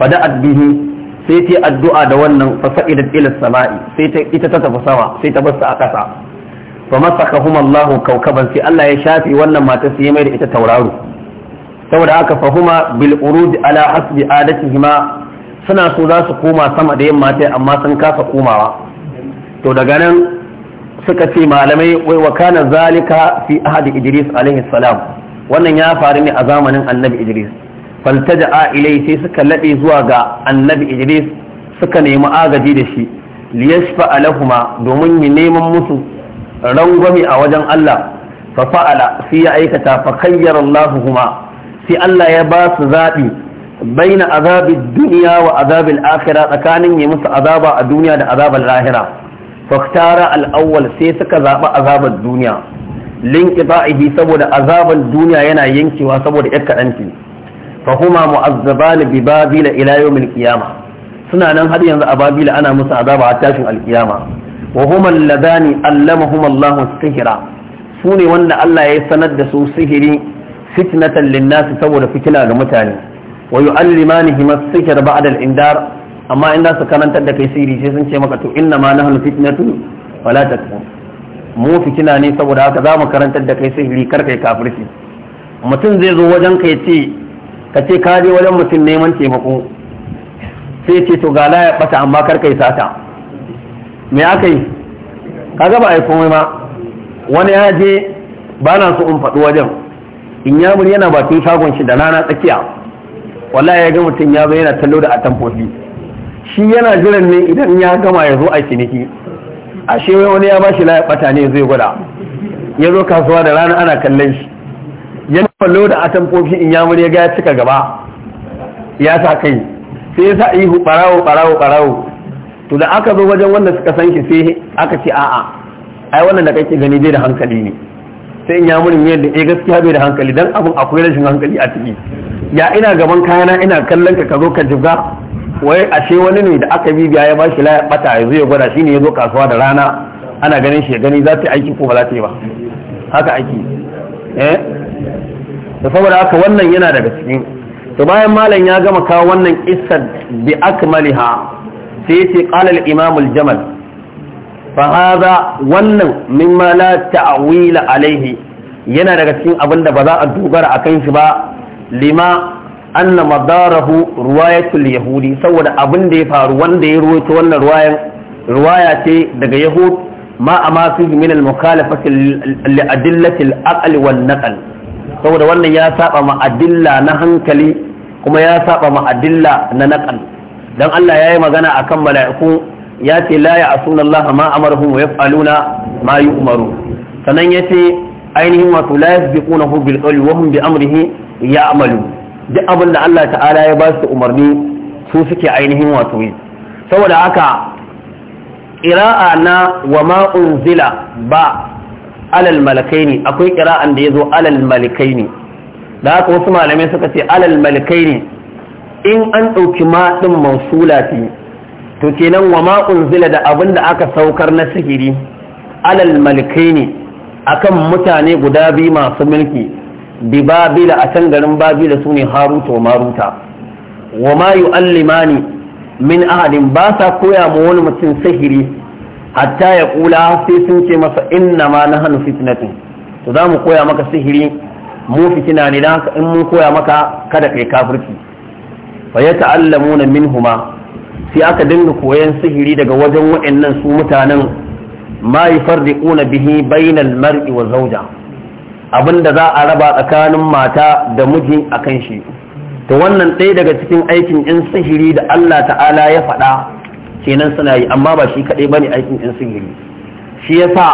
fada'at bihi sai ta addu'a da wannan fasa'idat ila sama'i sai ta ita ta tafi sama sai ta bar a kasa fa huma Allahu kawkaban sai Allah ya shafe wannan mata sai mai da ita tauraro saboda haka fahuma bil urud ala hasbi adatihima suna so za su koma sama da yamma ta amma sun kasa komawa to daga nan suka ce malamai wai wa kana zalika fi ahadi idris alaihi salam wannan ya faru ne a zamanin annabi idris faltaja'a ilai sai suka laɗe zuwa ga annabi idris suka nemi agaji da shi liyashfa alahuma domin yi neman musu rangwami a wajen Allah fa fa'ala sai ya aikata fa kayyara Allah sai Allah ya ba su zaɓi baina azabin duniya wa azabin akhira tsakanin yi musu azaba a duniya da azabar lahira faktara al'awwal sai suka zaɓi azabar duniya linki ba'ihi saboda azabar duniya yana yankewa saboda yar kaɗanci fahuma mu'azzabani bi babila ila yawmil suna nan har yanzu a babila ana musu azaba a tashin alkiyama wa huma alladani allamahum Allahu sihira su ne wanda Allah ya sanar da su sihiri fitnatan linnas saboda fitina ga mutane wa yu'allimanihim as-sihr ba'da al-indar amma in su karantar da kai sihiri sai sun ce maka to inna ma nahnu fitnatun wala takfur mu fitina ne saboda haka za mu karantar da kai sihiri kar kai kafirci mutum zai zo wajen ka ya ce ka ce ka je wajen mutum neman taimako sai ce to gala ya bata amma kar kai sata me aka yi Ka ba a yi komai ma wani ya je ba na so in faɗi wajen in yana bakin shagon shi da rana tsakiya wallahi ya ga mutum ya bayyana tallo da atamfofi shi yana jiran ne idan ya gama ya zo a ciniki ashe wani ya ba shi laya bata ne zai gwada ya zo kasuwa da rana ana kallon shi ya fallo da atamfofi in ya ga ya cika gaba ya sa kai sai ya sa yi barawo barawo barawo to da aka zo wajen wanda suka san shi sai aka ce a'a ai wannan da kake gani bai da hankali ne sai in ya yamurin yadda da eh, gaskiya bai da hankali dan abin akwai rashin hankali a ciki ya ina gaban kayana ina kallon ka ka zo ka jibga wai ashe wani ne da aka bibiya ya bashi laya bata ya zo ya gwada shine ya zo kasuwa da rana ana ganin shi gani za ta yi aiki ko ba za ta yi ba haka aiki eh da saboda haka wannan yana daga cikin to bayan malam ya gama kawo wannan qissar bi akmaliha sai yace qala al imam al jamal fa hadha wannan mimma la ta'wila alaihi yana daga cikin abin da ba za a dogara akan shi ba lima anna madarahu ruwayatul yahudi saboda abin da ya faru wanda ya ruwaito wannan ruwayan ruwaya ce daga yahud ma amma min al mukhalafati li adillati al aql wal naql saboda wannan ya saba ma adilla na hankali kuma ya saba ma adilla na naqal dan Allah yayi magana akan mala'iku ya ce la ya'suna Allah ma amaruhum wa yaf'aluna ma yu'maru sannan yace ainihin wato la yasbiqunahu bil qawli wa hum bi amrihi ya'malu duk abin da Allah ta'ala ya ba su umarni su suke ainihin wato yi saboda haka ƙira'a na wa ma'unzila ba alal ne, akwai kira'an da ya zo alal malakaini da haka wasu malamai suka ce alal ne. in an ɗauki maɗin mausula fi to kenan wa maƙun zila da abin da aka saukar na sihiri alal malakaini akan mutane guda biyu masu mulki bi babila a can garin babila su ne haruta wa maruta wa ma yu'allimani min ahadin ba sa koya ma wani mutum sihiri hatta ya kula sai sun ce masa inna ma na hannu fitnatin to za mu koya maka sihiri mu fitina ne don haka in mun koya maka kada kai kafirci fa ya ta'allamu na minhuma sai aka dinga koyan sihiri daga wajen waɗannan su mutanen ma ƙuna bihi bainal mar'i wa Abin abinda za a raba tsakanin mata da miji a kan shi to wannan ɗaya daga cikin aikin in sihiri da Allah ta'ala ya faɗa kenan suna yi amma ba shi kaɗai ba ne aikin yan sihiri shi ya sa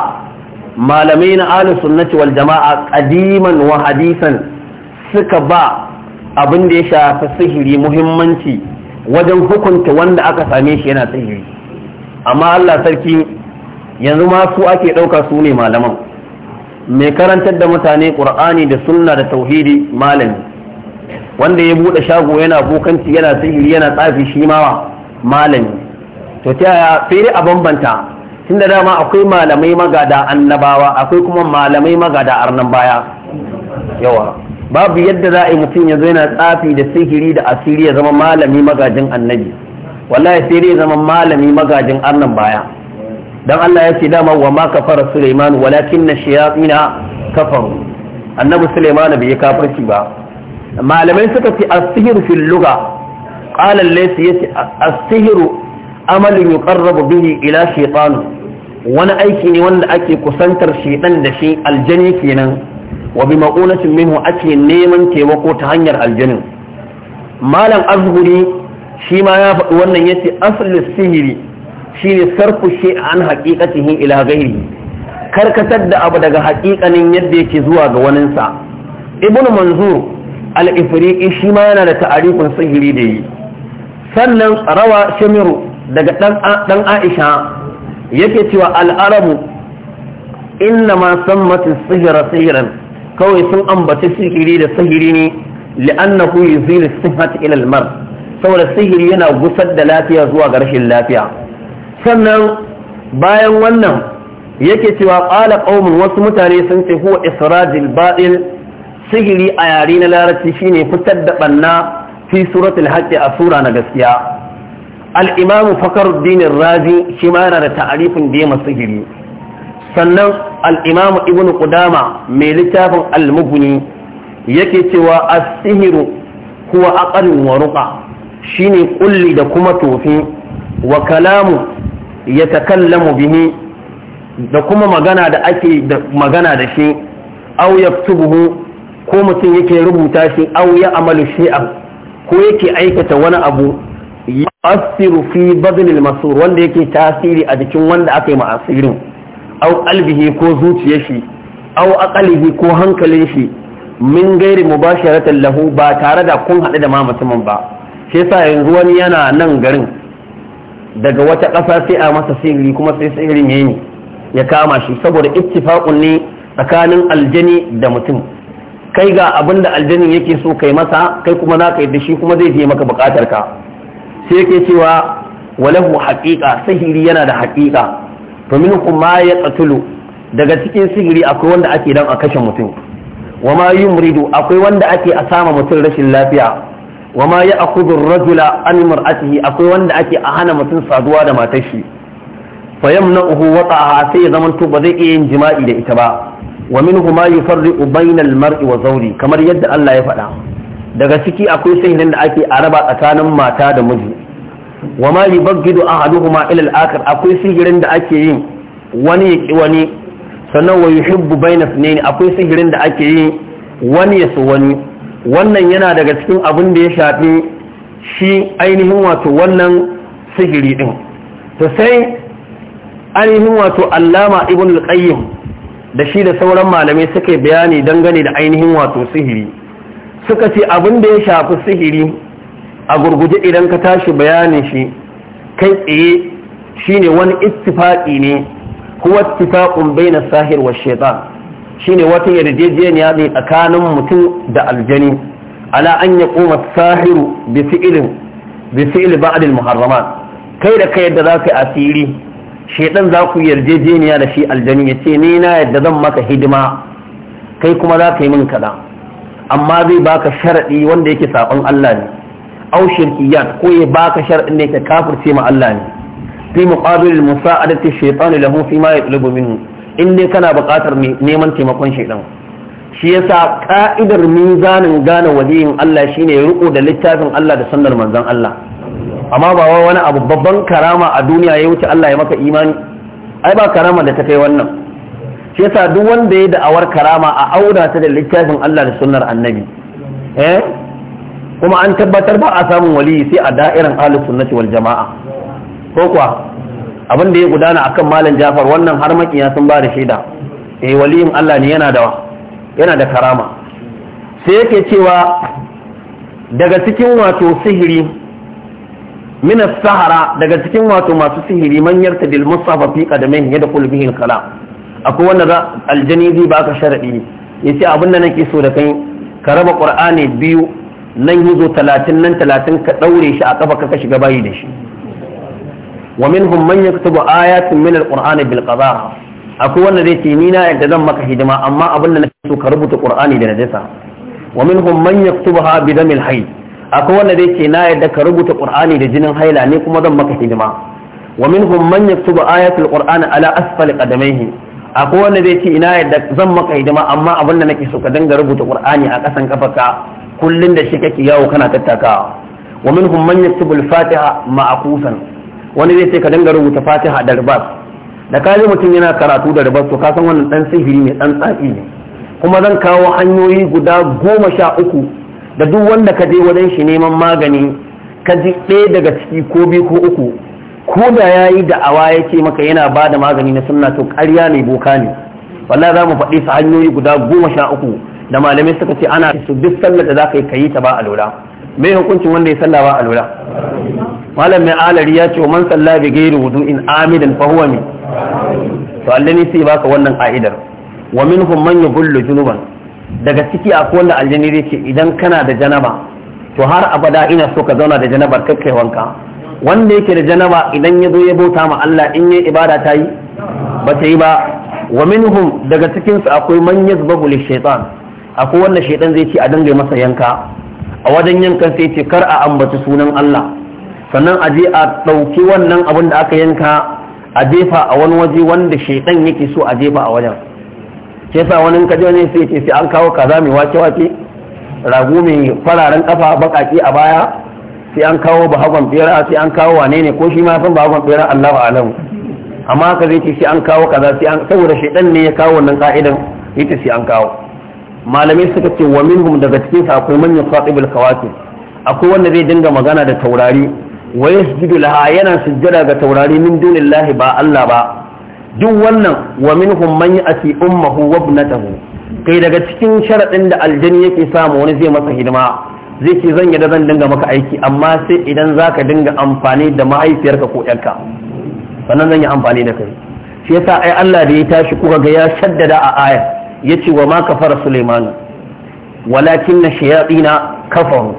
malamai na ahlus sunnati wal jama'a ƙadiman wa hadisan suka ba abin da ya shafi sihiri muhimmanci wajen hukunta wanda aka same shi yana sihiri amma Allah sarki yanzu ma su ake ɗauka su ne malaman mai karantar da mutane ƙur'ani da sunna da tauhidi malami wanda ya buɗe shago yana bukanci yana sihiri yana tsafi shi ma malami to ta yaya fere a bambanta tunda dama akwai malamai magada annabawa akwai kuma malamai magada arnan baya yawa babu yadda za a yi mutum ya zo yana tsafi da sihiri da asiri ya zama malami magajin annabi wallahi sai ya zama malami magajin arnan baya dan Allah ya ce dama wa ma kafara Sulaiman walakin na shayatina kafaru annabi Sulaiman bai kafirci ba malamai suka ce as-sihru fil lugha qala laysa yati as amalin ƙarraba bihi ila shaytan wani aiki ne wanda ake kusantar shaytan da shi aljani kenan wa bi ma'unatin minhu ake neman taimako ta hanyar aljanin malam azhuri shi ma ya faɗi wannan yace asalin sihiri shine sarfu shi an haqiqatihi ila ghairi karkatar da abu daga haƙiƙanin yadda yake zuwa ga waninsa ibnu manzur al-ifriqi shi ma yana da ta'arifin sihiri da yi sannan rawa shamiru daga ɗan aisha yake cewa al'arabu inna ma sammatin sihira sihiran kawai sun ambaci sihiri da sihiri ne li'annahu yuzilu sihat ila al-mar saboda sihiri yana gusar da lafiya zuwa ga rashin lafiya sannan bayan wannan yake cewa ƙala ƙaumin wasu mutane sun ce huwa israjil baɗin sihiri a yare na larabci shine fitar da banna fi suratul haƙƙi a sura na gaskiya al'imamu fakaruddin razi shi ma yana da ta'arifin da ya masu giri sannan al'imamu ibn Ƙudama mai littafin almuguni yake cewa asihiru kuwa aƙalin waruƙa shi ne ƙulli da kuma tofe wa kalamu ya mu bihi da kuma magana da ake magana da shi au yaktubuhu ko mutum yake rubuta shi au ya amalu shi'a ko yake aikata wani abu asiru fi bazinin masu wanda yake tasiri a jikin wanda aka yi ma'asirin au albihi ko zuciya shi au akalihi ko hankalin shi min gairi mubasharatan lahu ba tare da kun haɗu da ma mutumin ba shi yasa yanzu wani yana nan garin daga wata ƙasa sai a masa sihiri kuma sai sihirin yi ya kama shi saboda ittifaqun ne tsakanin aljani da mutum kai ga abinda aljanin yake so kai masa kai kuma na kai da shi kuma zai je maka bukatar ka sai yake cewa walahu haƙiƙa sihiri yana da haƙiƙa to minhum ma ya tsatulu daga cikin sihiri akwai wanda ake dan a kashe mutum wa ma yumridu akwai wanda ake a sama mutum rashin lafiya wa ma ya akudu rajula an mar'atihi akwai wanda ake a hana mutum saduwa da matar shi fa yamna'uhu wata'aha sai ya zamanto ba zai iya yin jima'i da ita ba wa minhu ma yufarriqu bainal mar'i wa zawji kamar yadda Allah ya faɗa daga ciki akwai sahihin da ake a raba tsakanin mata da miji wa ma a ahaduhuma ila al-akhar akwai sihirin da ake yin wani ya ki wani sannan wa yuhibbu bayna ne akwai sihirin da ake yin wani ya su wani wannan yana daga cikin abin da ya shafi shi ainihin wato wannan sihiri din to sai ainihin wato allama ibn al-qayyim da shi da sauran malamai suka bayani dangane da ainihin wato sihiri suka ce abin da ya shafi sihiri a gurguje idan ka tashi bayanin shi kai tsaye shine wani ittifaqi ne huwa ittifaqun baina sahir wa shine wata yarjejeniya ne tsakanin mutum da aljani ala an yaquma sahiru bi fi'lin bi fi'li kai da kai yadda zaka asiri shaytan za ku yarjejeniya da shi aljani yace ni na yadda zan maka hidima kai kuma za ka yi min kaza amma zai baka sharaɗi wanda yake saƙon Allah ne aw shirkiyan ko ya baka shar'in da yake kafirce ma Allah ne fi muqabil musa'adati shaytan lahu fi ma ya minhu in dai kana buƙatar neman taimakon shaytan shi yasa ka'idar mizanin gane waliyin Allah shine ya riko da littafin Allah da sunnar manzon Allah amma ba wani abu babban karama a duniya ya wuce Allah ya maka imani ai ba karama da ta kai wannan shi yasa duk wanda ya yi da'awar karama a aura ta da littafin Allah da sunnar annabi eh? kuma an tabbatar ba a samun waliyi sai a da'irin ahlus sunnati wal jama'a ko kuwa abin da ya gudana akan malam Jafar wannan har makiya sun ba da shaida eh waliyin Allah ne yana da yana da karama sai yake cewa daga cikin wato sihiri min as-sahara daga cikin wato masu sihiri man yartadil musafa fi qadamihi yadkhul bihi al-kala akwai wanda za aljani zai baka sharadi yace abin da nake so da kai ka raba qur'ani biyu nan yi zo talatin nan talatin ka ɗaure shi a ƙafa ka shiga bayi da shi wa minhum man yaktubu ayatin min alqur'ani bil qada akwai wanda zai ce ni na yadda zan maka hidima amma abin da nake so ka rubuta qur'ani da najasa wa minhum man yaktubuha bi damil hayd akwai wanda zai ce na yadda ka rubuta qur'ani da jinin haila ne kuma zan maka hidima wa minhum man yaktubu ayatul qur'ani ala asfal qadamayhi akwai wanda zai ce ina yadda zan maka hidima amma abin da nake so ka dinga rubuta qur'ani a ƙasan kafarka Kullum da shi kake yawo kana tattakawa wa minhum man yaktubu al-fatiha ma'kufan wani zai ce ka dinga rubuta fatiha da rubas da kaje mutum yana karatu da rubas to ka san wannan dan sihiri ne dan tsafi ne kuma zan kawo hanyoyi guda goma sha uku da duk wanda ka je wajen shi neman magani ka ji ɗaya daga ciki ko biyu ko uku ko da ya yi da'awa ya ce maka yana bada magani na sunna to ƙarya ne boka ne wallah za mu faɗi su hanyoyi guda goma sha uku da malamai suka ce ana su duk sallar da zaka yi kayi ta ba lura. me hukuncin wanda ya salla ba lura? malam mai alari ya ce wa man salla bi ghairi wudu'in amidan fa huwa min to allani sai baka wannan ka'idar wa minhum man yubullu junuban daga ciki akwai wanda aljani zai ce idan kana da janaba to har abada ina so ka zauna da janabar yi wanka wanda yake da janaba idan ya zo ya bauta ma Allah in yi ibada ta yi ba ta yi ba wa minhum daga cikinsu akwai man yazbahu lishaitan akwai wanda shaidan zai ce a dinga masa yanka a wajen yankan sai ce kar a ambaci sunan Allah sannan a je a ɗauki wannan abin da aka yanka a jefa a wani waje wanda shaidan yake so a jefa a wajen ke sa wani kaje ne sai ce sai an kawo kaza mai wake wake rago mai fararen kafa bakaki a baya sai an kawo bahagon bera sai an kawo wane ne ko shi ma san bahagon bera Allahu alam amma ka zai ce sai an kawo kaza sai an saboda shaidan ne ya kawo wannan ka'idan yace sai an kawo malamai suka ce wa minhum daga cikin sa akwai manyan yaqibul kawakib akwai wanda zai dinga magana da taurari wa yasjudu laha yana sujjada ga taurari min dunillahi ba Allah ba duk wannan wa minhum man yati ummuhu wa ibnatahu kai daga cikin sharadin da aljani yake samu wani zai masa hidima zai ce zan yadda zan dinga maka aiki amma sai idan zaka dinga amfani da mahaifiyarka ko yarka sannan zan yi amfani da kai shi yasa ai Allah da ya tashi kuka ga ya shaddada a ayar Ya ce wa ma kafara Sulaiman walakin na kafaru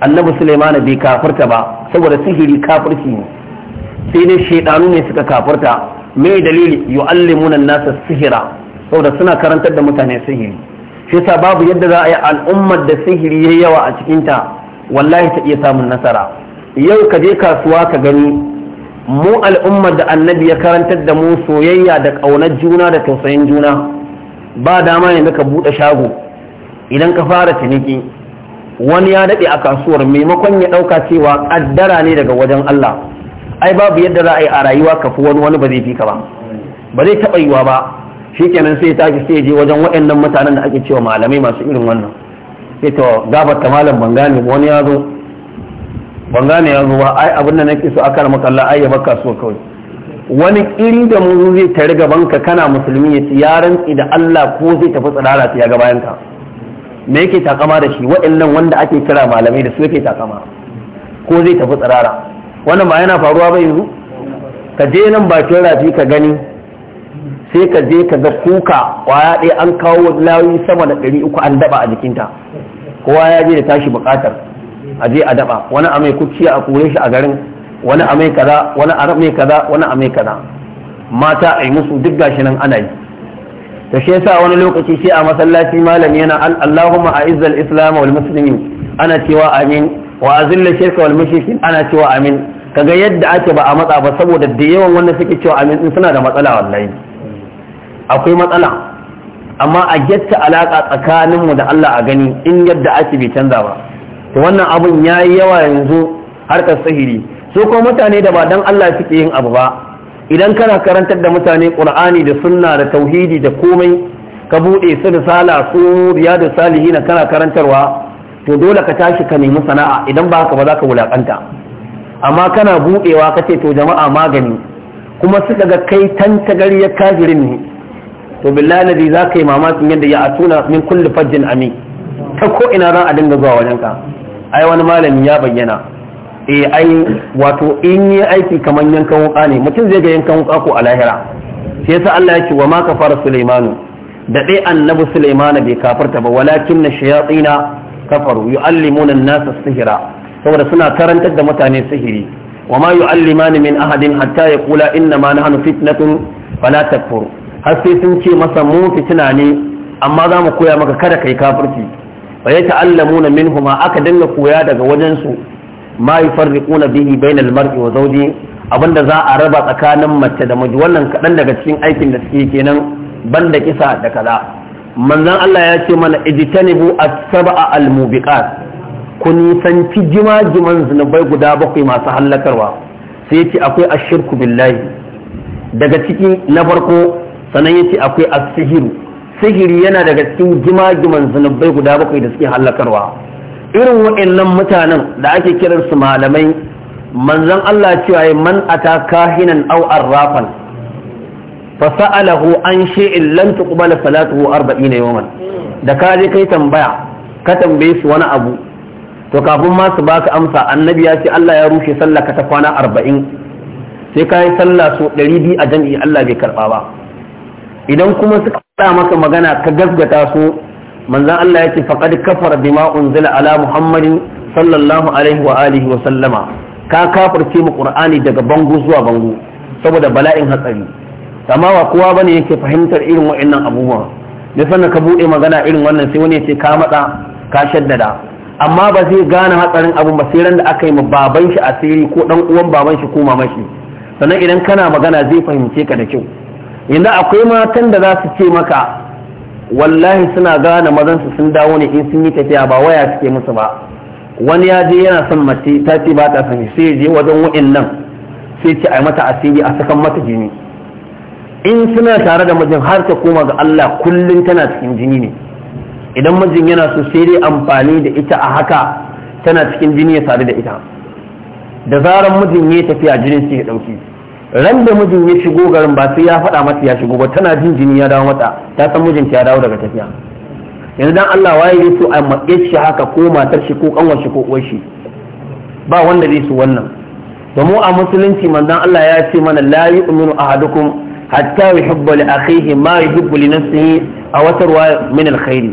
annabi Sulaiman bai kafirta ba saboda sihiri kafirci ne sai dai shaidanu ne suka kafirta me dalili yu'allimuna an-nasa sihira saboda suna karantar da mutane sihiri shi yasa babu yadda za a yi al'ummar da sihiri yayi yawa a cikin ta wallahi ta iya samun nasara yau ka je kasuwa ka gani mu al'ummar da annabi ya karantar da mu soyayya da ƙaunar juna da tausayin juna ba dama yanzu ka buɗe shago idan ka fara ciniki wani ya daɗe a kasuwar maimakon ya ɗauka cewa ƙaddara ne daga wajen Allah ai babu yadda za a yi a rayuwa ka fi wani wani ba zai fi ka ba ba zai taɓa yiwa ba shikenan sai tashi sai je wajen waɗannan mutanen da ake cewa malamai masu irin wannan sai to gabar ta malam ban gane wani ya zo ban gane ya zo ba ai abin da nake so aka maka Allah ai ya bar kasuwa kawai wani iri da mu zai tare gaban ka kana musulmi ya ci rantsi da Allah ko zai tafi tsirara ta ga bayan ka me yake takama da shi wa'annan wanda ake kira malamai da su yake takama ko zai tafi tsirara wannan ba yana faruwa ba yanzu ka je nan bakin rafi ka gani sai ka je ka ga kuka kwaya ɗaya an kawo layi sama da ɗari uku an daba a jikinta kowa ya je da tashi bukatar a je a daba wani a mai kuciya a kore shi a garin wani a mai kaza wani a mai kaza wani a mai kaza mata a yi musu duk gashi nan ana yi Ta shi yasa wani lokaci shi a masallaci malami yana Allahumma a'izzal islam wal muslimin ana cewa amin wa azilla shirka wal mushrikin ana cewa amin kaga yadda ake ba a matsa ba saboda da yawan wanda suke cewa amin din suna da matsala wallahi akwai matsala amma a getta alaka tsakaninmu da Allah a gani in yadda ake bai canza ba to wannan abun yayi yawa yanzu harkar sihiri su ko mutane da ba dan Allah suke yin abu ba idan kana karantar da mutane qur'ani da sunna da tauhidi da komai ka bude su da sala su da salihin kana karantarwa to dole ka tashi ka nemi sana'a idan ba haka ba za ka wulakanta amma kana buɗewa ka ce to jama'a magani kuma suka ga kai gari ya kafirin ne to billahi ladhi za ka yi mamakin yadda ya atuna min kulli fajjin ami ta ko ina ran a dinga zuwa wajenka ai wani malami ya bayyana eh ai wato in yi aiki kamar yankan wuka ne mutum zai ga yankan wuka ko a lahira sai yasa Allah ya ce wa ma fara Sulaimanu da dai annabi Sulaimanu bai kafarta ba walakin na tsina kafaru yu'allimuna an-nasa sihira saboda suna karantar da mutane sihiri wa ma yu'allimani min ahadin hatta yaqula inna ma nahnu fitnatun fala takfur har sai sun ce masa mu fitina ne amma za mu koya maka kada kai kafirci fa ya ta'allamuna minhuma aka dinga koya daga wajen su ma yufarriquna bihi bainal mar'i wa zawji abinda za a raba tsakanin mace da miji wannan kadan daga cikin aikin da suke kenan banda kisa da kaza manzon Allah ya ce mana ijtanibu as-sab'a al-mubiqat ku nisanci jima-jiman zunubai guda bakwai masu hallakarwa sai yace akwai ashirku billahi daga ciki na farko sanan yace akwai as-sihiru sihiri yana daga cikin jima-jiman zunubai guda bakwai da suke hallakarwa irin wa'annan mutanen da ake kiran su malamai manzon Allah cewa yi man ata kahinan aw arrafan fa sa'alahu an shay'in lam tuqbala salatuhu 40 yawman da ka je kai tambaya ka tambaye su wani abu to kafin ma su baka amsa annabi ya ce Allah ya rushe sallah ka ta kwana 40 sai ka sallah so 200 a jami'i Allah bai karba ba idan kuma suka faɗa maka magana ka gasgata su manzon Allah yace faqad kafara bima unzila ala muhammadin sallallahu alaihi wa alihi wa sallama ka kafarce mu qur'ani daga bango zuwa bango saboda bala'in hatsari amma ba kowa bane yake fahimtar irin wa'annan abubuwa da sannan ka bude magana irin wannan sai wani ya ce ka matsa ka shaddada amma ba zai gane hatsarin abun ba sai ran da aka yi ma baban shi asiri ko dan uwan baban shi ko maman shi sannan idan kana magana zai fahimce ka da kyau yanzu akwai matan da za su ce maka wallahi suna gane mazansu sun dawo ne in sun yi tafiya ba waya suke musu ba wani ya je yana son mace ta ce ba ta sani sai je wajen wa'in nan sai ce a mata asiri a sakan mata jini in suna tare da mijin har ta koma ga Allah kullum tana cikin jini ne idan mijin yana so sai dai amfani da ita a haka tana cikin jini ya sadu da ita da zaran mijin ya tafiya jinin sai ya dauki ran da mijin ya shigo garin ba sai ya faɗa mata ya shigo ba tana jin jini ya dawo mata ta san mijinta ya dawo daga tafiya yanzu dan Allah waye ya so a matse shi haka ko matar shi ko kanwar shi ko uwar shi ba wanda zai su wannan da mu a musulunci manzon Allah ya ce mana la yu'minu ahadukum hatta yuhibba li akhihi ma yuhibbu li nafsihi aw tarwa min alkhair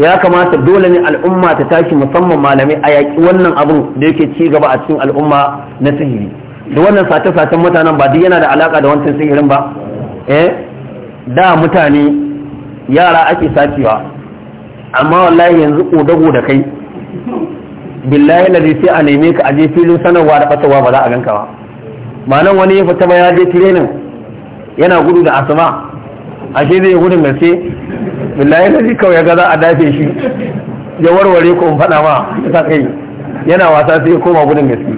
ya kamata dole ne al'umma ta tashi musamman malamai a yaƙi wannan abun da yake ci gaba a cikin al'umma na sihiri da wannan sace-sacen mutanen ba duk yana da alaka da wancan sihirin ba eh da mutane yara ake sacewa amma wallahi yanzu kodago da kai billahi lazi sai a neme ka aje filin sanarwa da fatawa ba za a ganka ba ma nan wani ya fita ba ya je tirenin yana gudu da asama ashe zai gudun gaske billahi lazi kawai ya ga za a dafe shi ya warware ko in faɗa ma ta kai yana wasa sai ya koma gudun gaske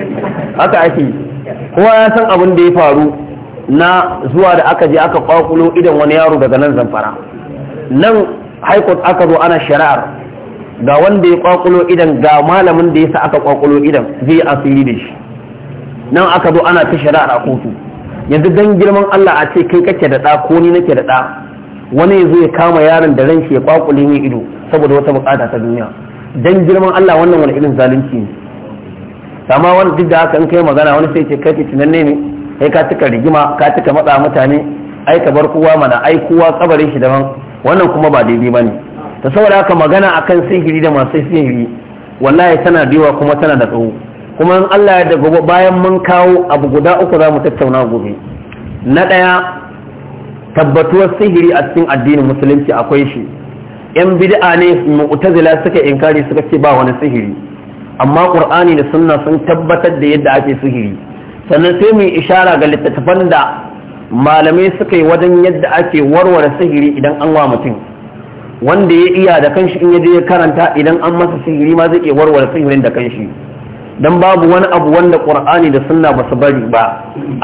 haka ake yi kowa ya san abin da ya faru na zuwa da aka je aka kwakulo idan wani yaro daga nan zamfara nan haikot aka zo ana shari'ar ga wanda ya kwakulo idan ga malamin da ya sa aka kwakulo idan zai yi asiri da shi nan aka zo ana ta shari'ar a kotu yanzu dan girman Allah a ce kai kake da da, ko ni nake da da, wani ya zo ya kama yaron da ran shi ya kwakule mai ido saboda wata bukata ta duniya dan girman Allah wannan wani irin zalunci ne amma wani duk da haka in kai magana wani sai ce kai fitinan ne ne kai ka tuka rigima ka tuka matsa mutane ai ka bar kowa mana ai kowa kabarin shi daban wannan kuma ba daidai ba ne ta saboda haka magana akan sihiri da masu sihiri wallahi tana da kuma tana da tsawo kuma in Allah ya daga bayan mun kawo abu guda uku za mu tattauna gobe na ɗaya tabbatuwar sihiri a cikin addinin musulunci akwai shi yan bid'a ne mu'tazila suka inkari suka ce ba wani sihiri amma qur'ani da sunna sun tabbatar da yadda ake sihiri sannan sai mu ishara ga littattafan da malamai suka yi wajen yadda ake warware sihiri idan an wa mutum wanda ya iya da kanshi in yaje ya karanta idan an masa sihiri ma zai iya warware sihirin da kanshi dan babu wani abu wanda qur'ani da sunna ba su bari ba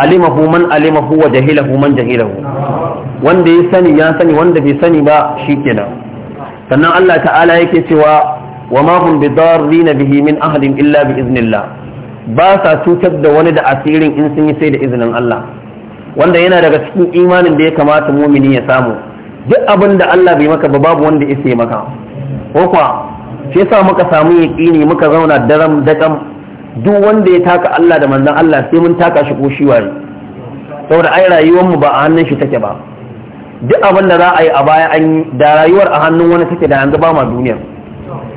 alimahu man alimahu wa jahilahu man jahilahu wanda ya sani ya sani wanda bai sani ba shikenan sannan Allah ta'ala yake cewa wa ma hum rina bihi min ahadin illa bi iznillah ba sa cutar da wani da asirin in sun yi sai da izinin Allah wanda yana daga cikin imanin da ya kamata mumini ya samu duk abin da Allah bai maka ba babu wanda ya maka ko kuwa shi muka samu yaqini muka zauna daram dakam duk wanda ya taka Allah da manzon Allah sai mun taka shi ko shi saboda ai rayuwar mu ba a hannun shi take ba duk abin da za a yi a baya an da rayuwar a hannun wani take da yanzu ba ma duniyar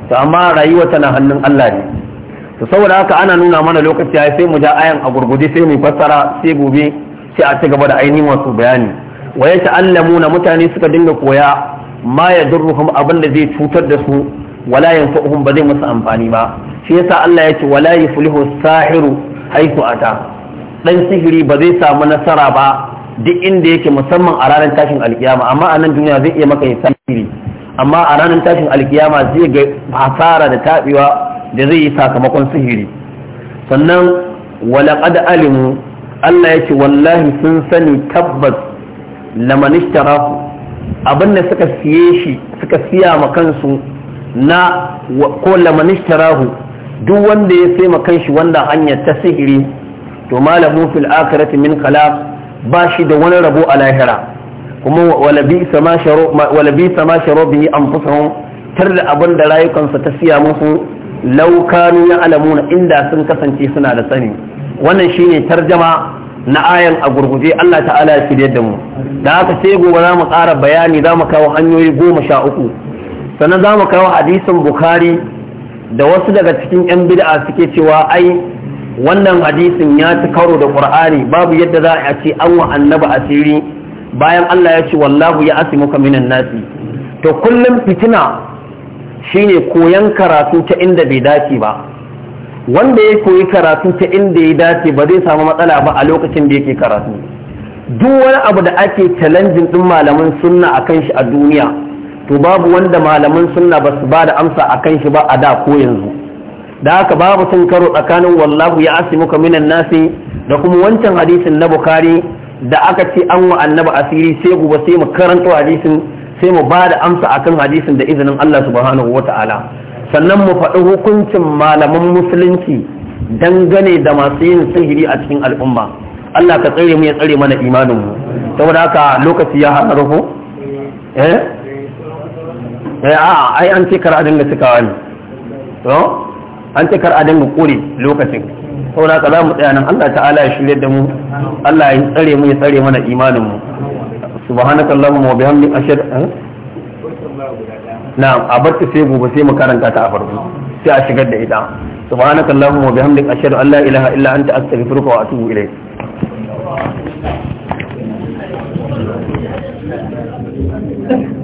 to amma rayuwa tana hannun Allah ne to saboda haka ana nuna mana lokaci ya sai mu ja ayan a gurgudi sai mu fassara sai gobe sai a ci gaba da ainihin wasu bayani wa ya ta'allamuna mutane suka dinga koya ma ya durruhum abin da zai cutar da su wala yanfa'uhum ba zai musu amfani ba shi yasa Allah ya ce wala yuflihu sahiru haitu ata dan sihiri ba zai samu nasara ba duk inda yake musamman a ranar tashin alkiyama amma a nan duniya zai iya maka yin sihiri amma a ranar tashin alkiyama zai ga hasara da taɓewa da zai yi sakamakon sihiri sannan walaƙad alimu Allah ya ce wallahi sun sani tabbas lamanishtarahu abinda suka siye shi suka siya ma kansu na ko lamanishtarahu duk wanda ya sai ma kanshi wanda hanyar ta sihiri to malamu fil akhirati min ba shi da wani rabo a lahira kuma wala bi sama sharo bihi an fusahun tar da abin da rayukansa ta siya musu laukanu ya alamuna inda sun kasance suna da sani wannan shi ne tarjama na ayan a gurguje Allah ta'ala ya da mu da haka sai gobe za mu ƙara bayani za mu kawo hanyoyi goma sha uku sannan za mu kawo hadisin bukari da wasu daga cikin 'yan bid'a suke cewa ai wannan hadisin ya ci karo da ƙur'ani babu yadda za a ce an wa annaba asiri bayan Allah ya ce wallahu ya asimuka minan nasi to kullum fitina shine koyan karatu ta inda bai dace ba wanda ya koyi karatu ta inda ya dace ba zai samu matsala ba a lokacin da yake karatu duk wani abu da ake challenging din malaman sunna akan shi a duniya to babu wanda malaman sunna ba su ba da amsa akan shi ba a da ko yanzu da haka babu sun karo tsakanin wallahu ya asimuka minan nasi da kuma wancan hadisin na bukari da aka ce an wa annabi asiri sai gobe sai mu karanto hadisin sai mu ba da amsa akan hadisin da izinin Allah subhanahu wata'ala sannan mu faɗi hukuncin malaman musulunci dangane da masu yin sihiri a cikin al'umma Allah ka tsare mu ya tsare mana imanin mu saboda haka lokaci ya hana rufo eh eh a ai an ce kar a dinga cikawa ne to an ce kar a dinga kore lokacin saboda haka za mu tsaya nan Allah ta'ala ya shirye da mu Allah ya tsare mu ya tsare mana imanin mu subhanakallahumma wa bihamdika ashhadu an a barka sai gobe sai mu karanta ta a farko sai a shigar da ita wa ashhadu an la ilaha illa anta astaghfiruka wa atubu ilayk Thank you.